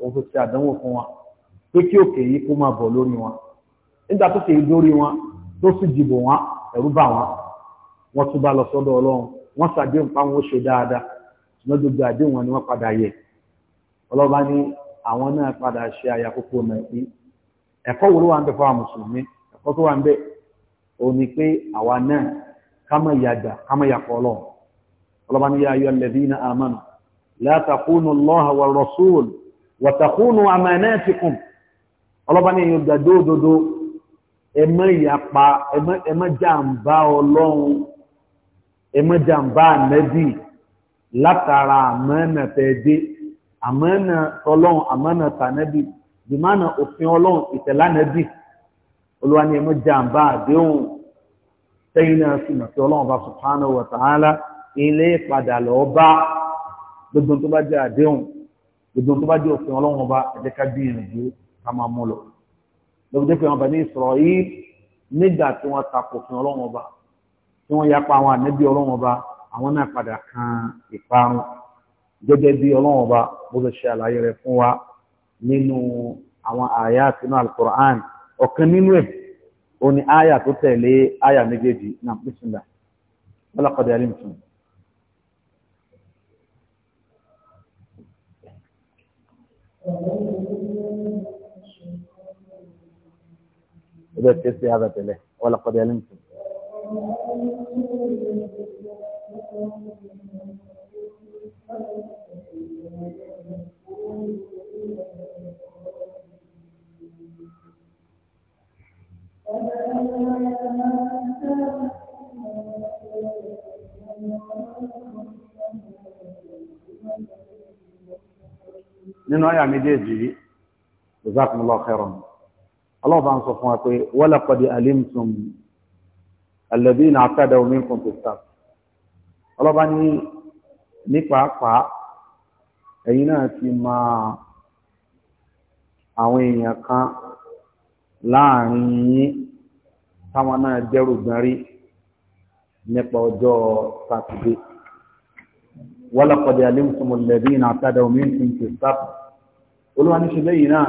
òun fi ṣe àdánwò fún wa pé kí òkè yìí kó máa bọ̀ lórí wọn nígbà tó ṣe dórí wọn tó sì dìbò wọn ẹ̀rú bà wọn wọ́n tún bá lọ sọ́dọ̀ ọlọ́run wọ́n ṣàdéhùn pa wọn ó ṣe dáadáa ṣùgbọ́n gbogbo àdéhùn wọn ni wọ́n padà yẹ ọlọ́ba ní àwọn náà padà ṣe àyàkókò nàìjí ẹ̀kọ́ wo ló wà ń bẹ fáwọn mùsùlùmí ẹ̀kọ́ tó wà ń bẹ ó pé àwa náà kámọ̀ yàgbà kámọ̀ yàpọ̀ ọlọ́run ọlọ́ba ní yáyọ alladhina amanu la takunu Allaha wa rasul wa takunu amanatikum ọlọ́ba ní ẹmọ ìyapa ẹmọ jàǹbá ọlọ́run ẹmọ jàǹbá látara àmọ́ àmọ́nà ọlọ́run àmọ́nà tànẹ́bì dìmánà òfin ọlọ́run ìtẹ̀lánẹ́bì olúwa ni ẹmọ́ jàǹbá àdéhùn tẹ́yìn náà sì nà sí ọlọ́run bá subhanahu wa ta'ala ilé padà lọ́ọ́ bá gbogbo tó bá jẹ́ àdéhùn gbogbo tó bá jẹ́ òfin ọlọ́run bá ẹ̀jẹ̀ ká bí ìrìnàjò ká máa mú lọ lọ́wọ́ jẹ́ pé wọn bá ní ìsọ̀rọ̀ yìí nígbà tí wọ́n takò òfin ọlọ́run bá tí wọ́n yapa àwọn ànẹ́bí ọlọ́run bá àwọn náà padà kan ìparun. gẹ́gẹ́ bí ọlọ́run ọba bó ṣe ṣe àlàyé rẹ̀ fún wa nínú àwọn àyà sínú alukur'an ọ̀kan nínú ẹ̀ o ní àyà tó tẹ̀lé àyà méjèèjì náà nínú àyà méjèèjì yìí jazakumullahu khairan ọlọ́ọ̀bá ń sọ fún wa pé walaqad alimtum alladhina i'tadaw minkum fis-sbt ọlọ́ọ̀bá ní ní pàápàá ẹ̀yin náà ti mọ àwọn èèyàn kan láàrin yín táwọn náà jẹ́rù gan rí nípa ọjọ́ sátidé wọ́lọ́kọ̀dẹ̀ alẹ́mùsùmọ̀lẹ́bí ní àtàdà omi ti ń ti sáàpù olúwa ní ṣẹlẹ̀ yìí náà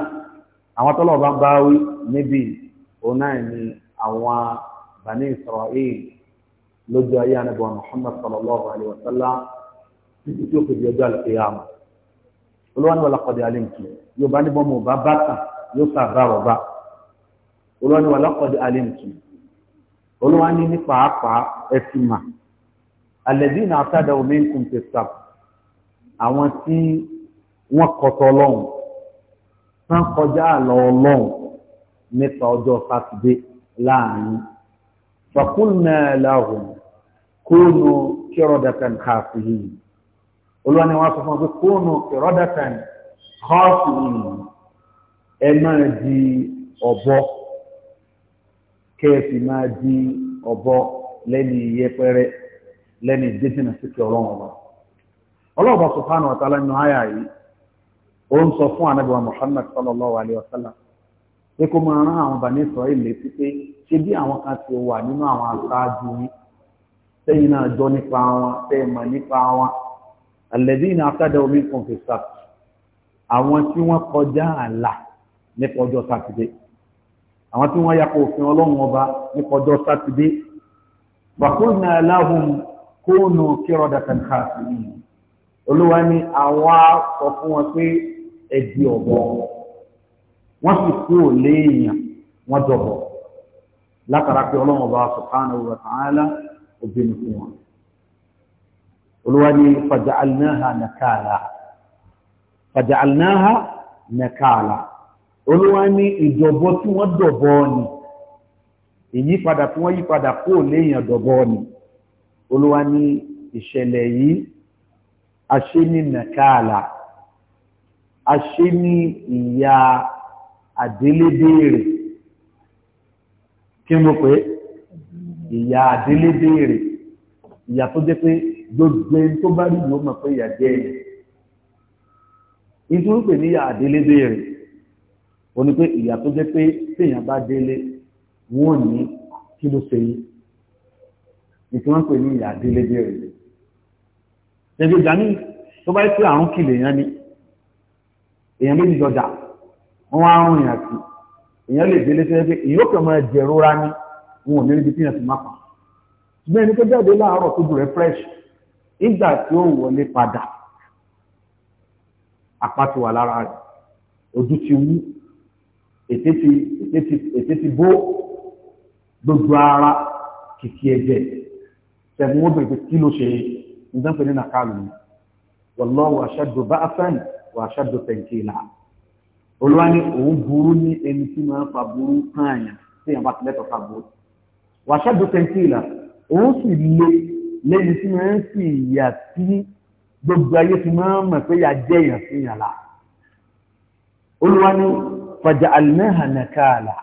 àwọn tọ́lọ̀ bá bá wí níbi òun náà ni àwọn Bani Israel lójú ayé anábọ̀ Muhammad sallallahu alayhi wa sallam títí tí ó fi di ọjọ́ àlùkìyàmù olúwa ní ọlọ́kọ̀dé alẹ́mùtù yóò bá níbọn mọ̀ bá bàtà yóò sàbá ọ̀bá olúwa ní ọlọ́kọ̀dé alẹ́mùtù olúwa ní ní pàápàá ẹ̀sìnmà alẹ́dínà àtàdà omi ń kùn tẹ̀sà àwọn tí wọ́n kọtọ ọlọ́run tán kọjá àlọ́ ọlọ́run nípa ọjọ́ sátidé láàrin fàkúlùmẹ́ẹ̀lá òun kóònù kírọ̀dàtàn káàfin yìí olúwa ni wọ́n sọ fún ọ pé kóònù ìrọ́dàtàn kọ́ọ̀sì nìyí ẹ máa di ọ̀bọ kẹ́ ẹ sì máa di ọ̀bọ lẹ́ni yẹpẹrẹ lẹ́ni ìdésìnà síkì ọlọ́run ọba ọlọ́ọ̀bà subhanahu wa ta'ala nínú àyà yìí ó ń sọ fún anábìwá muhammad sallallahu alayhi wa sallam pé kó máa rán àwọn bàní sọ ilé pípé ṣé bí àwọn kan ti wà nínú àwọn aṣáájú yìí sẹ́yìn náà jọ nípa wọn sẹ́yìn mọ̀ nípa wọn alladhina i'tadaw minkum fi sáà àwọn tí wọ́n kọjá àlà nípa ọjọ́ sátidé àwọn tí wọ́n yàpọ̀ òfin ọlọ́run ọba nípa ọjọ́ sátidé bàkúnà aláhùn kóònù kírọ̀dàtàn káàkiri olúwa ni àwa sọ fún wọn pé ẹ̀dì ọ̀bọ wọ́n sì kú ò léèyàn wọ́n jọ̀bọ̀ látara pé ọlọ́run ọba subhanahu wa ta'ala òbí nìkú wọn olúwa ní fàjàlnáhà nàkàlà fàjàlnáhà nàkàlà olúwa ní ìdọ̀bọ tí wọ́n dọ̀bọ ni ìyípadà tí wọ́n yípadà kó léèyàn dọ̀bọ ni olúwa ní ìṣẹ̀lẹ̀ yìí a nàkàlà a ìyá àdélébéèrè kí mo pé ìyá àdélébéèrè ìyá tó jẹ́ pé gbogbo ẹni tó bá rí ìwọ mọ̀ pé ìyà jẹ́ ẹ̀yẹ ìdúró pè ní àdélé béèrè ó ní pé ìyà tó jẹ́ pé téèyàn bá délé wọ́n ní kí ló ṣe yìí ìtura pè ní ìyà àdélé béèrè ṣègbè dání tó bá pé àrùn kìlè yẹn ni èèyàn méjì jọjà wọn á rún ìyà sí èèyàn lè délé tó yẹ pé èèyàn kàn máa jẹ̀rora ni wọn ò ní níbi tí yẹn ti má pa ṣùgbọ́n ẹni tó jáde láàárọ̀ tó dùn rẹ̀ fresh ìgbà tí ó wọlé padà apá ti wà lára rẹ̀ ojú ti wú ètè ti ètè ti ètè ti bó gbogbo ara kìkì ẹ̀jẹ̀ sẹ̀gun obìnrin pé kí ló ṣe nǹkan pé ní nàkàlù ni wallahu ashaddu ba'san wa ashaddu tankila olúwa ní òun burú ní ẹni tí máa ń fa burú kàn yàn tí yàn bá ti lẹ́tọ̀ọ́ fa burú wa ashaddu tankila òun sì le lẹ́yìn tí wọ́n ń sì yà tí gbogbo ayé fi máa mọ̀ pé yà jẹ́ èèyàn sí yàn lá olúwa ní fàjà àlùmẹ́hà nàkàlà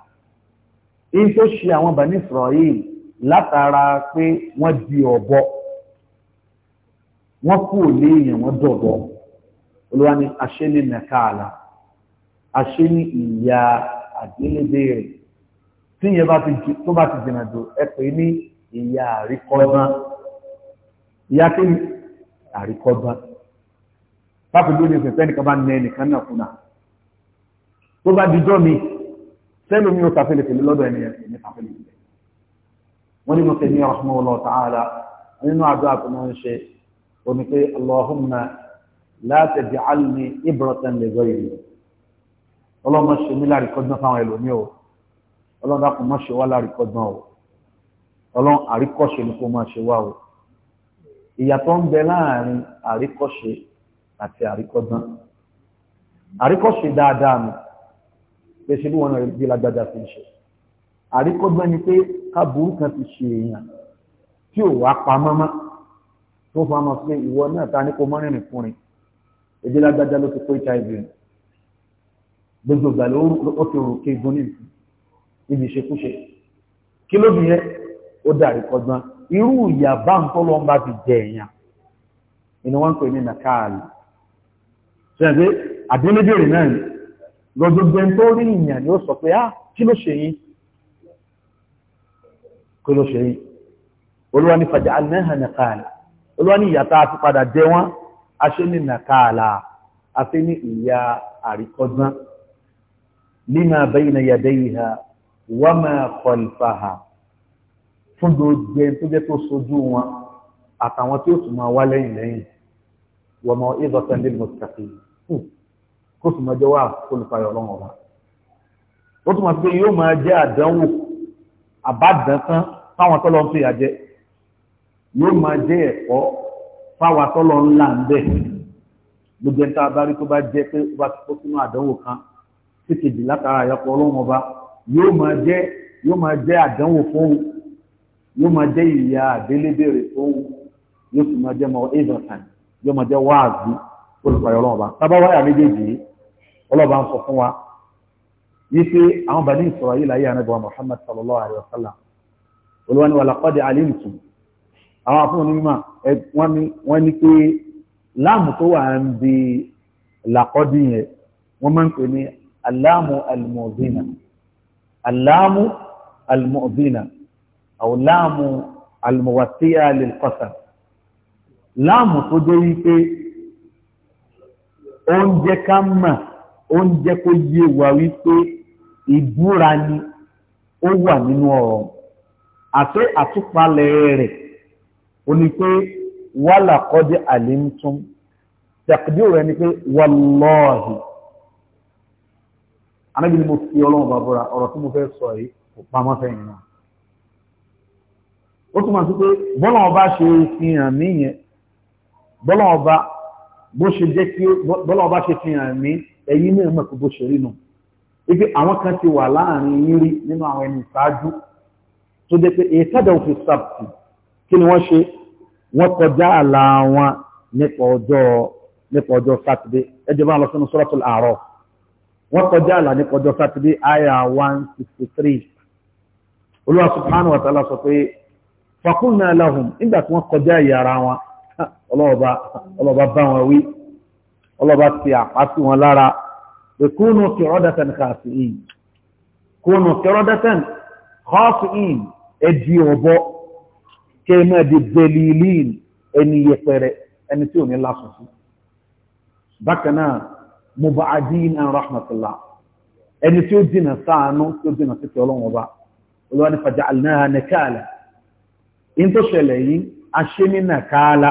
èyí tó ṣe àwọn bàní Israel látara pé wọ́n di ọ̀bọ wọ́n kú òlé èèyàn wọ́n dọ̀bọ olúwa ní nàkàlà àṣẹ ìyá àgbélébé rẹ̀ tí ìyẹn bá ti jìnnà jù ẹ pè ní ìyá àríkọ́ná ìyá tí ní àríkọ́gbá pápẹ́lú ní ìfẹ̀fẹ́ nìkan bá nẹ nìkan náà fún náà tó bá dijọ́ mi sẹ́nu mi ò sàfẹ́lẹ̀ tẹ̀lé lọ́dọ̀ ẹni ẹ̀sìn ní sàfẹ́lẹ̀ tẹ̀lé wọ́n ní mo tẹ̀ ní rahmanulah ta'ala nínú àdúrà tó máa ń ṣe ó ní pé allahumma la taj'alni ibratan li ghayri ọlọ́mọ ṣe mí láríkọ́gbọ́n fáwọn ẹlòmíì o ọlọ́dàkùn mọ́ ṣe wá láríkọ́gbọ́n o ọlọ́run àríkọ́ṣe ni kó máa ṣe wá o ìyàtọ̀ ń bẹ láàrin àríkọ́ṣe àti àríkọ́dán àríkọ́ṣe dáadáa nù pé ṣe bí wọn náà bí lágbájá fi ń ṣe àríkọ́dán ni pé káàbùrú kan ti ṣe èèyàn tí ò wá pa mọ́mọ́ tó fa mọ́ pé ìwọ náà ta ní kó mọ́ rìnrìn fún rìn ebi lágbájá ló ti kó hiv gbogbo ìgbà ló fi rò ké gun níbi ìṣekúṣe kí ló bí yẹ ó dà àríkọ́dán irú ya bá ń tọ́lọ ń bá ti jẹ èèyàn inú wọ́n ń ní nàkáàlì ṣẹ́gbẹ́ àdínlébèrè náà ni gbogbo tó rí ìyàn ni ó sọ pé á ah, kí ló ṣe yín kí ló ṣe yín olúwa ní nàkáàlì a padà jẹ wọ́n a ṣe ní nàkáàlà a fi ní ìyà fún gbogbo ẹni tó jẹ́ tó sojú wọn àtàwọn tí ó tún máa wá lẹ́yìn lẹ́yìn wọ́n mọ ìdọ̀tẹ́ ní mọ̀tàkì kó sì máa jẹ́ wá olùfàyọ̀ ọlọ́run ọba ó tún máa fi pé yóò máa jẹ́ àdánwò àbádàntán fáwọn tọ́lọ́ ń fi yà jẹ yóò máa jẹ́ ẹ̀kọ́ fáwọn tọ́lọ́ ńlá ń bẹ̀ gbogbo ẹni tá a bá rí tó bá jẹ́ pé ó bá ti kó sínú àdánwò kan sí látara àyàpọ̀ ọlọ́run ọba yóò máa jẹ́ àdánwò fún òun yóò máa jẹ́ ìyá àdélébèrè tó wù yóò sì máa jẹ́ mọ ìdọ̀tàn yóò máa jẹ́ wáàzí olùpàyọ̀ ọlọ́ọ̀bá tábà wáyà méjèèjì ọlọ́ọ̀bá ń sọ fún wa yìí pé àwọn bàní ìsọ̀rọ̀ yìí láyé ànábọ̀ Muhammad sallallahu alayhi wa sallam olùwani wà laqad alimtum àwọn afúnni onímọ̀ wọ́n ní pé láàmù tó wà ń bi laqad yẹn wọ́n máa ń pè ní aláàmù almu'dhina aláàmù almu'dhina àwọn láàmù almuwasiya lil qasam láàmù tó dé wípé oúnjẹ ká mà oúnjẹ kó yé wa wípé ìbúra ni ó wà nínú ọ̀rọ̀ àti àtúpalẹ̀ rẹ̀ ó ní pé wàlà kọ́dé àlímtún tẹ̀kídí rẹ̀ ni pé wàlọ́ọ̀hì anábìlì mo fi ọlọ́run bàbúra ọ̀rọ̀ tí mo fẹ́ sọ yìí kò pamọ́ sẹ́yìn náà ó túnmọ̀ sí pé bọ́lọ̀ ọba ṣe fi hàn mí yẹn bọ́lọ̀ ọba bó ṣe jẹ́ kí bọ́lọ̀ ọba ṣe fi mí ẹ̀yin náà mọ̀ pé bó ṣe rí nù wípé àwọn kan ti wà láàrin yín rí nínú àwọn ẹni ìṣáájú tó jẹ́ pé èyí òfin sàbtì kí ni wọ́n ṣe wọ́n kọjá àlà wọn nípa ọjọ́ nípa ọjọ́ sátidé ẹjọ́ bá lọ sínú suratul A'raf wọ́n kọjá àlà nípa ọjọ́ sátidé àyà one sixty three Olúwa subhanahu wa ta'ala sọ pé fàkúnnà aláhùn nígbà tí wọ́n kọjá ìyàrá wọn ah, ọlọ́ọ̀bá bá wọn wí ọlọ́ọ̀bá ti àpá sí wọn lára pé kúnnù kí ọ́dátàn kàásì ìn kúnnù kí ọ́dátàn kàásì ìn ẹdí ọ̀bọ kí ẹ máa di bẹ̀lìlín ẹni yẹpẹrẹ ẹni tí ò ní lásùn sí bákan náà mo bá adín an rahmatullah ẹni tí ó dìnà sáànú tí ó dìnà sí kí bá olúwa ní fàjà àlìnáà nìkáàlà in tó ṣẹlẹ̀ yìí aṣe ní nàkàálà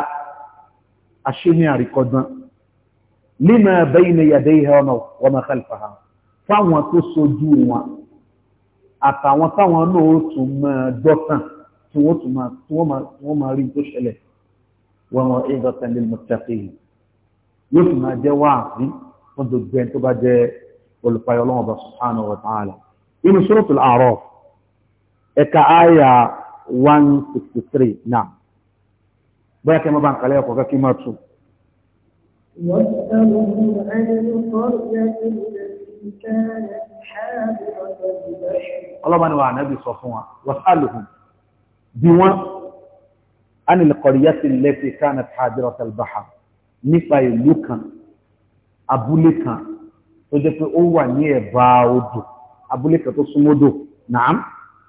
aṣe ní àríkọdán lima bayna yadayha wa ma khalfaha fáwọn tó sojú wọn àtàwọn táwọn náà ó tún máa dọ́tàn tí wọ́n tún máa rí tó ṣẹlẹ̀ wa maw'izatan lil muttaqin yóò tún máa jẹ́ wáàfí fún gbogbo ẹni tó bá jẹ́ olùpayọ̀ Ọlọ́hun subhanahu wa ta'ala inú suratul A'raf ẹ̀ka àyà one sixty three náà bóyá kí n bá ń kalẹ̀ ọkọ̀ kí n máa tù. wọ́n sọ̀rọ̀ ẹni sọ́ọ̀rọ̀ ẹni kẹ́rẹ́ ọlọ́bàá ni wà náà bí sọ fún wa wàhálùhùn bí wọ́n a ni lẹ́kọ̀ọ́yá ti lẹ́fẹ́ káàna tàbírọ̀ nípa ìlú kan abúlé kan tó jẹ́ pé ó wà ní ẹ̀bá odò abúlé kan tó súnmọ́dò náà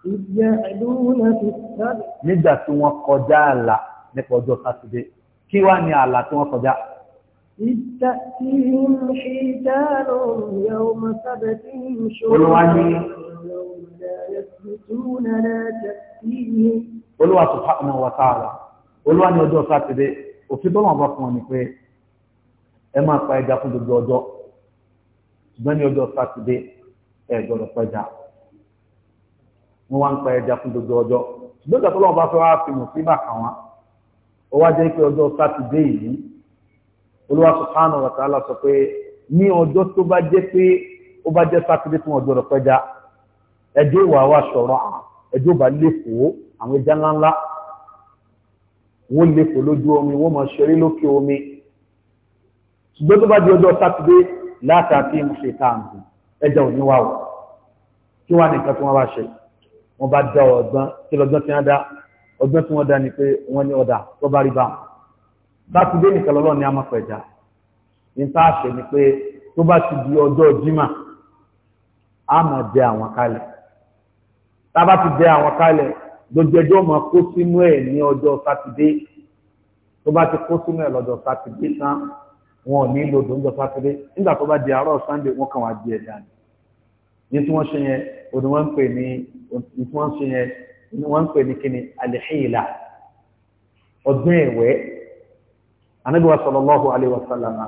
nígbà tí wọ́n kọjá àlà nípa ọjọ́ sátidé kí wá ní àlà tí wọ́n kọjá. olúwa ní olúwa subhanahu wa ta'ala olúwa ní ọjọ́ sátidé òfin tó wọ́n bá fún ọ ni pé ẹ máa pa ẹja fún gbogbo ọjọ́ ṣùgbọ́n ní ọjọ́ sátidé ẹ gbọ́dọ̀ pẹja wọ́n wá ń pa ẹja fún gbogbo ọjọ́ ṣùgbọ́n ìgbà tó lọ́wọ́ bá fẹ́ wá fi mùsíbà kàn wá ó wá jẹ́ pé ọjọ́ sátidé yìí olúwa subhanahu wa ta'ala sọ pé ní ọjọ́ tó bá jẹ́ pé ó bá jẹ́ sátidé fún ọjọ́ rẹ̀ pẹ́já ẹjọ́ ìwà wa ṣọ̀rọ̀ ẹjọ́ bá léfòó àwọn ẹja ńláńlá wọ́n léfòó lójú omi wọ́n máa ṣeré lókè omi ṣùgbọ́n tó bá di ọjọ́ sátidé látàkì mùsíkà ẹja ò ní wà nìkan tí wọ́n bá ṣe wọ́n bá dá ọgbọ́n kí lọ́gbọ́n tí wọ́n dá ọgbọ́n tí wọ́n dá ni pé wọ́n ní ọ̀dà tó bá rí bá sátidé nìkan lọ́lọ́ ni a máa pẹ̀já ní tá a ṣe ni pé tó bá ti di ọjọ́ jimá a máa dẹ àwọn kalẹ̀ tá a bá ti dẹ àwọn kalẹ̀ dojẹjọ́ máa kó sínú ẹ̀ ní ọjọ́ sátidé tó bá ti kó sínú ẹ̀ lọ́jọ́ sátidé tán wọn ò ní lo dòńjọ́ sátidé nígbà tó bá di àárọ̀ sànńdé wọn kàn wá di ẹ̀dá ni ní tí wọ́n ṣe yẹn òní wọ́n ń pè ní ìfún ṣe yẹn wọ́n ń pè ní kíni alìhíìlà ọdún ẹ̀wẹ́ anábíwá sallallahu alaihi wa sallama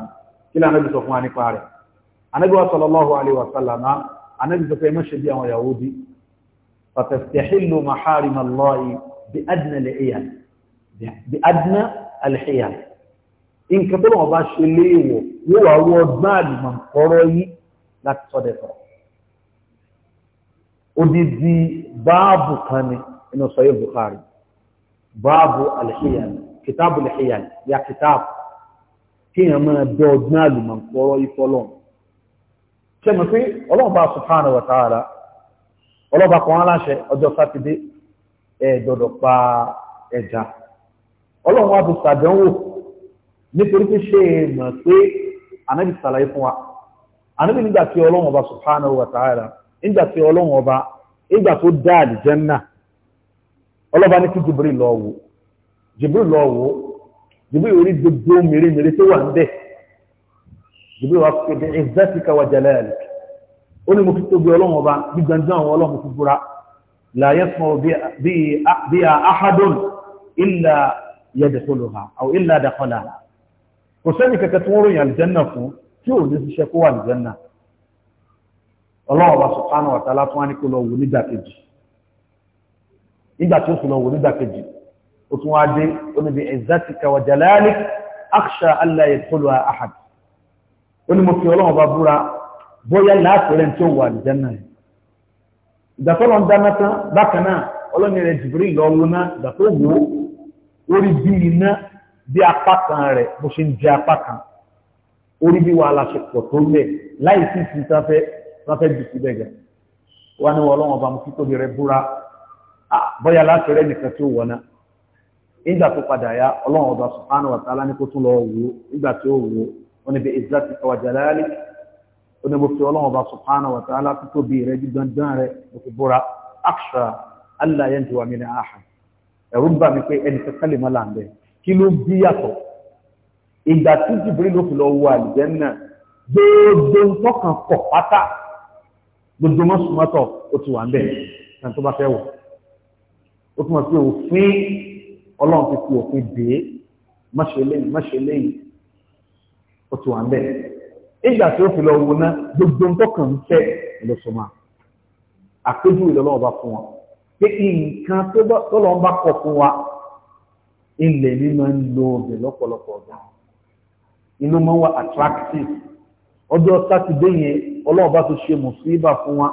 kí lè anábí sọ fún wa nípa rẹ̀ anábíwá sallallahu alaihi wa sallama anábí sọ pé ẹ ṣe bí àwọn Yahudi fatastahillu maharimallahi bi adna al-hiyal bi adna al-hiyal nǹkan tó lọ́wọ́ bá ṣe léèwọ̀ yóò wá gbáàlì mọ̀ kọ́rọ́ yìí láti sọ́dẹ̀ sọ̀rọ̀ odidi báàbù kan ni inú sọyẹ Bukhari báàbù alìhíyàn kìtàbù alìhíyàn ya kìtàbù kíyàn máa bẹ ọdún àlùmọ̀ pọ̀rọ̀ ìfọlọ́n ṣe mọ̀ pé ọlọ́ọ̀bá subhanahu wa ọlọ́ọ̀bá kan aláṣẹ ọjọ́ sátidé ẹ pa ẹja ọlọ́run wa bu sàdánwò nítorí pé ṣe mọ̀ pé ànábì sàlàyé fún wa ànábì nígbà tí nígbà tí ọlọ́run ọba nígbà tó dá àlìjẹ́nà ọlọ́ba ní kí Jibril lọ wò Jibril lọ wò Jibril orí gbogbo mèremère tó wà níbẹ̀ Jibril wà pé bí izzatika wa jalalika ó ní mo fi tóbi ọlọ́run ọba gbígbàndán àwọn ọlọ́run ti búra la yasma'u biha ahadun illa yadkhuluha aw illa dakhalaha kò sẹ́ni kẹ̀kẹ́ tí wọ́n ròyìn àlìjẹ́nà fún tí ò ní ṣiṣẹ́ kó wà àlìjẹ́nà ọlọ́wọ́ bá subhanahu wa ta'ala tún wá ní kó lọ wò nígbàkejì nígbà tí ó sì lọ wò nígbàkejì ó tún wá dé ó ní bí izzatika wa jalalik akhsha alla yadkhuluha ahad ó ní mo fi ọlọ́wọ́ bá búra bóyá láàpẹ̀rẹ̀ tí ó wà àlùjánnà yìí ìgbà ń dáná tán bákan náà ọlọ́ni rẹ̀ jìbìrì lọ́wọ́ náà ìgbà tó wò ó orí bí iná bí apá kan rẹ̀ bó ṣe ń jẹ apá kan orí bí wàhálà ṣe pọ̀ tó lẹ̀ láì sí ìsìntafẹ́ wọ́n fẹ́ jù síbẹ̀ gẹ̀ wọ́n ní wọ́n lọ́wọ́ bá mú kí tóbi rẹ̀ búra bọ́yá láti rẹ̀ nìkan tí ó wọ̀ náà nígbà tó padà yá ọlọ́run ọba subhanahu wa ta'ala ní kó tún lọ wò nígbà tí ó wò ó ní bí ìzáàtì wa jalali ó ní mo fi ọlọ́run ọba subhanahu wa ta'ala tó tóbi rẹ̀ dídán rẹ̀ mo fi búra akhsha alla yanjuwa min ahad ẹ̀rù ń bà mí pé ẹni kẹta lè má gbogbo mọ́sùmọ́tọ̀ ó ti wà ń bẹ̀ ẹni tó bá fẹ́ wọ̀ ó òfin ọlọ́run ti fi òfin dè é ṣe léyìn má ó ti wà ń bẹ̀ ìgbà tí ó fi lọ wo ná gbogbo ń tọkàn ń fẹ́ ìlọsọmọ àpéjú ìlọlọ́wọ́ bá fún wọn pé nǹkan tó lọ́n bá fún wa ilẹ̀ ní máa ń lo ọlọ́ọ̀bá tó ṣe mùsíbà fún wa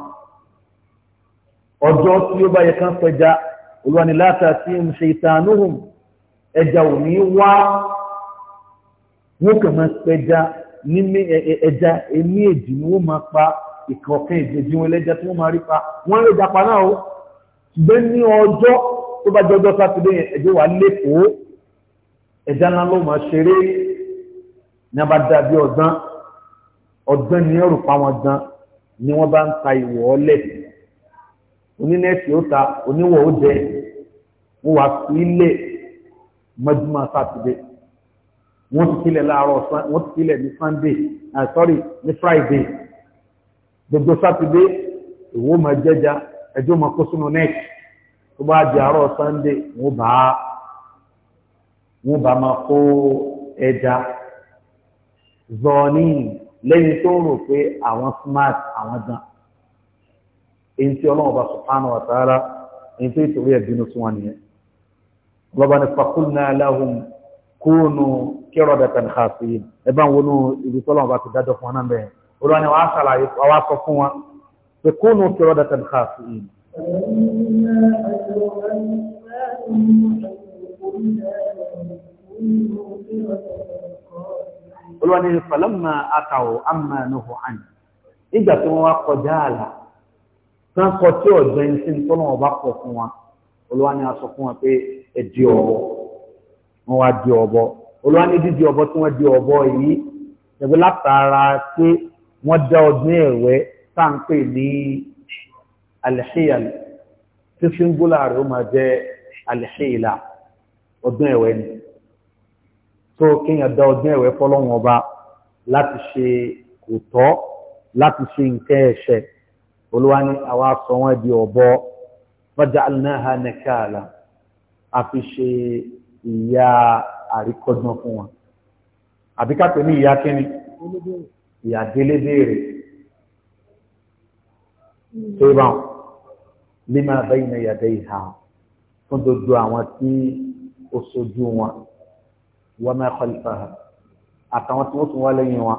ọjọ́ tí ó bá yẹ kán pẹja olùwànilátà tí ń ṣe ìtànúhùn ẹja ò ní wá wọ́n kàn máa pẹja ní ẹja ẹ̀mí èjì ni wọ́n máa pa ìkọ̀ọ̀kan ìjẹ̀jì wọn lẹ́jà tí wọ́n máa rí pa wọ́n lè dapa náà o ṣùgbọ́n ní ọjọ́ tó bá jọjọ́ sátidé yẹn ẹjọ́ wà lẹ́kọ̀ọ́ ẹja ńlá ló máa ṣeré ní abadá bí ọ̀dán ọgbọ́n ní ọrùn pa gan ni wọ́n bá ń ta ìwọ̀ ọlẹ̀ onínẹ́ẹ̀sì ó ta oníwọ̀ ó jẹ wọ́n wá sí ilé mọ́júmọ́ sátidé wọ́n ti kílẹ̀ láàárọ̀ wọ́n ti kílẹ̀ ní sunday ah sorry ní friday gbogbo sátidé ìwọ máa jẹja ẹjọ́ máa kó sínú nẹ́ẹ̀kì tó bá di àárọ̀ sunday wọ́n bá wọ́n bá máa kó ẹja zọ́ọ̀nì lẹ́yìn tó ń rò pé àwọn smart àwọn dán èyí tí ọlọ́run bá subhanahu wa ta'ala èyí tó ìtòrí ẹ̀ bínú sún wọn nìyẹn lọ́ba ní fakulna lahum kúnù kiradatan khasiin ẹ bá ń wọnú ìlú tọ́lọ́run bá ti dájọ́ fún wọn náà bẹ́ẹ̀ olúwa ni wàá ṣàlàyé wàá sọ fún wọn pé kúnù kiradatan khasiin. Thank you olúwa ní falamma akàwọ̀ amma nuhu an nígbà tí wọ́n wá kọjá àlà tán kọ tí ọ̀jọ́ yẹn sí tọ́nà ọba pọ̀ fún wa olúwa ní a sọ fún wa pé ẹ di ọ̀bọ wọ́n wá di ọ̀bọ olúwa ní ọ̀bọ tí wọ́n di ọ̀bọ yìí ẹ̀bí látara pé wọ́n dá ọdún ẹ̀wẹ́ tá à ń pè ní alhiyal tí fíngúlà rẹ̀ ó máa jẹ́ alhiyala ọdún ẹ̀wẹ́ ni tó kéèyàn dá ọdún ẹ̀wẹ́ fọ́lọ́run ọba láti ṣe kò tọ́ láti ṣe nǹkan ẹ̀ṣẹ̀ olúwa ní àwa sọ wọ́n di ọ̀bọ faja'alnaha nakala àfi ṣe ìyà àríkọ́gbọ́n fún wọn àbí ká pè ní ìyà kíni ìyà délébèrè tó bá wọn lima bayna yadayha fún gbogbo àwọn tí ó sojú wọn. وما خلفها khalfaha àtàwọn tí wọ́n tún wá lẹ́yìn wa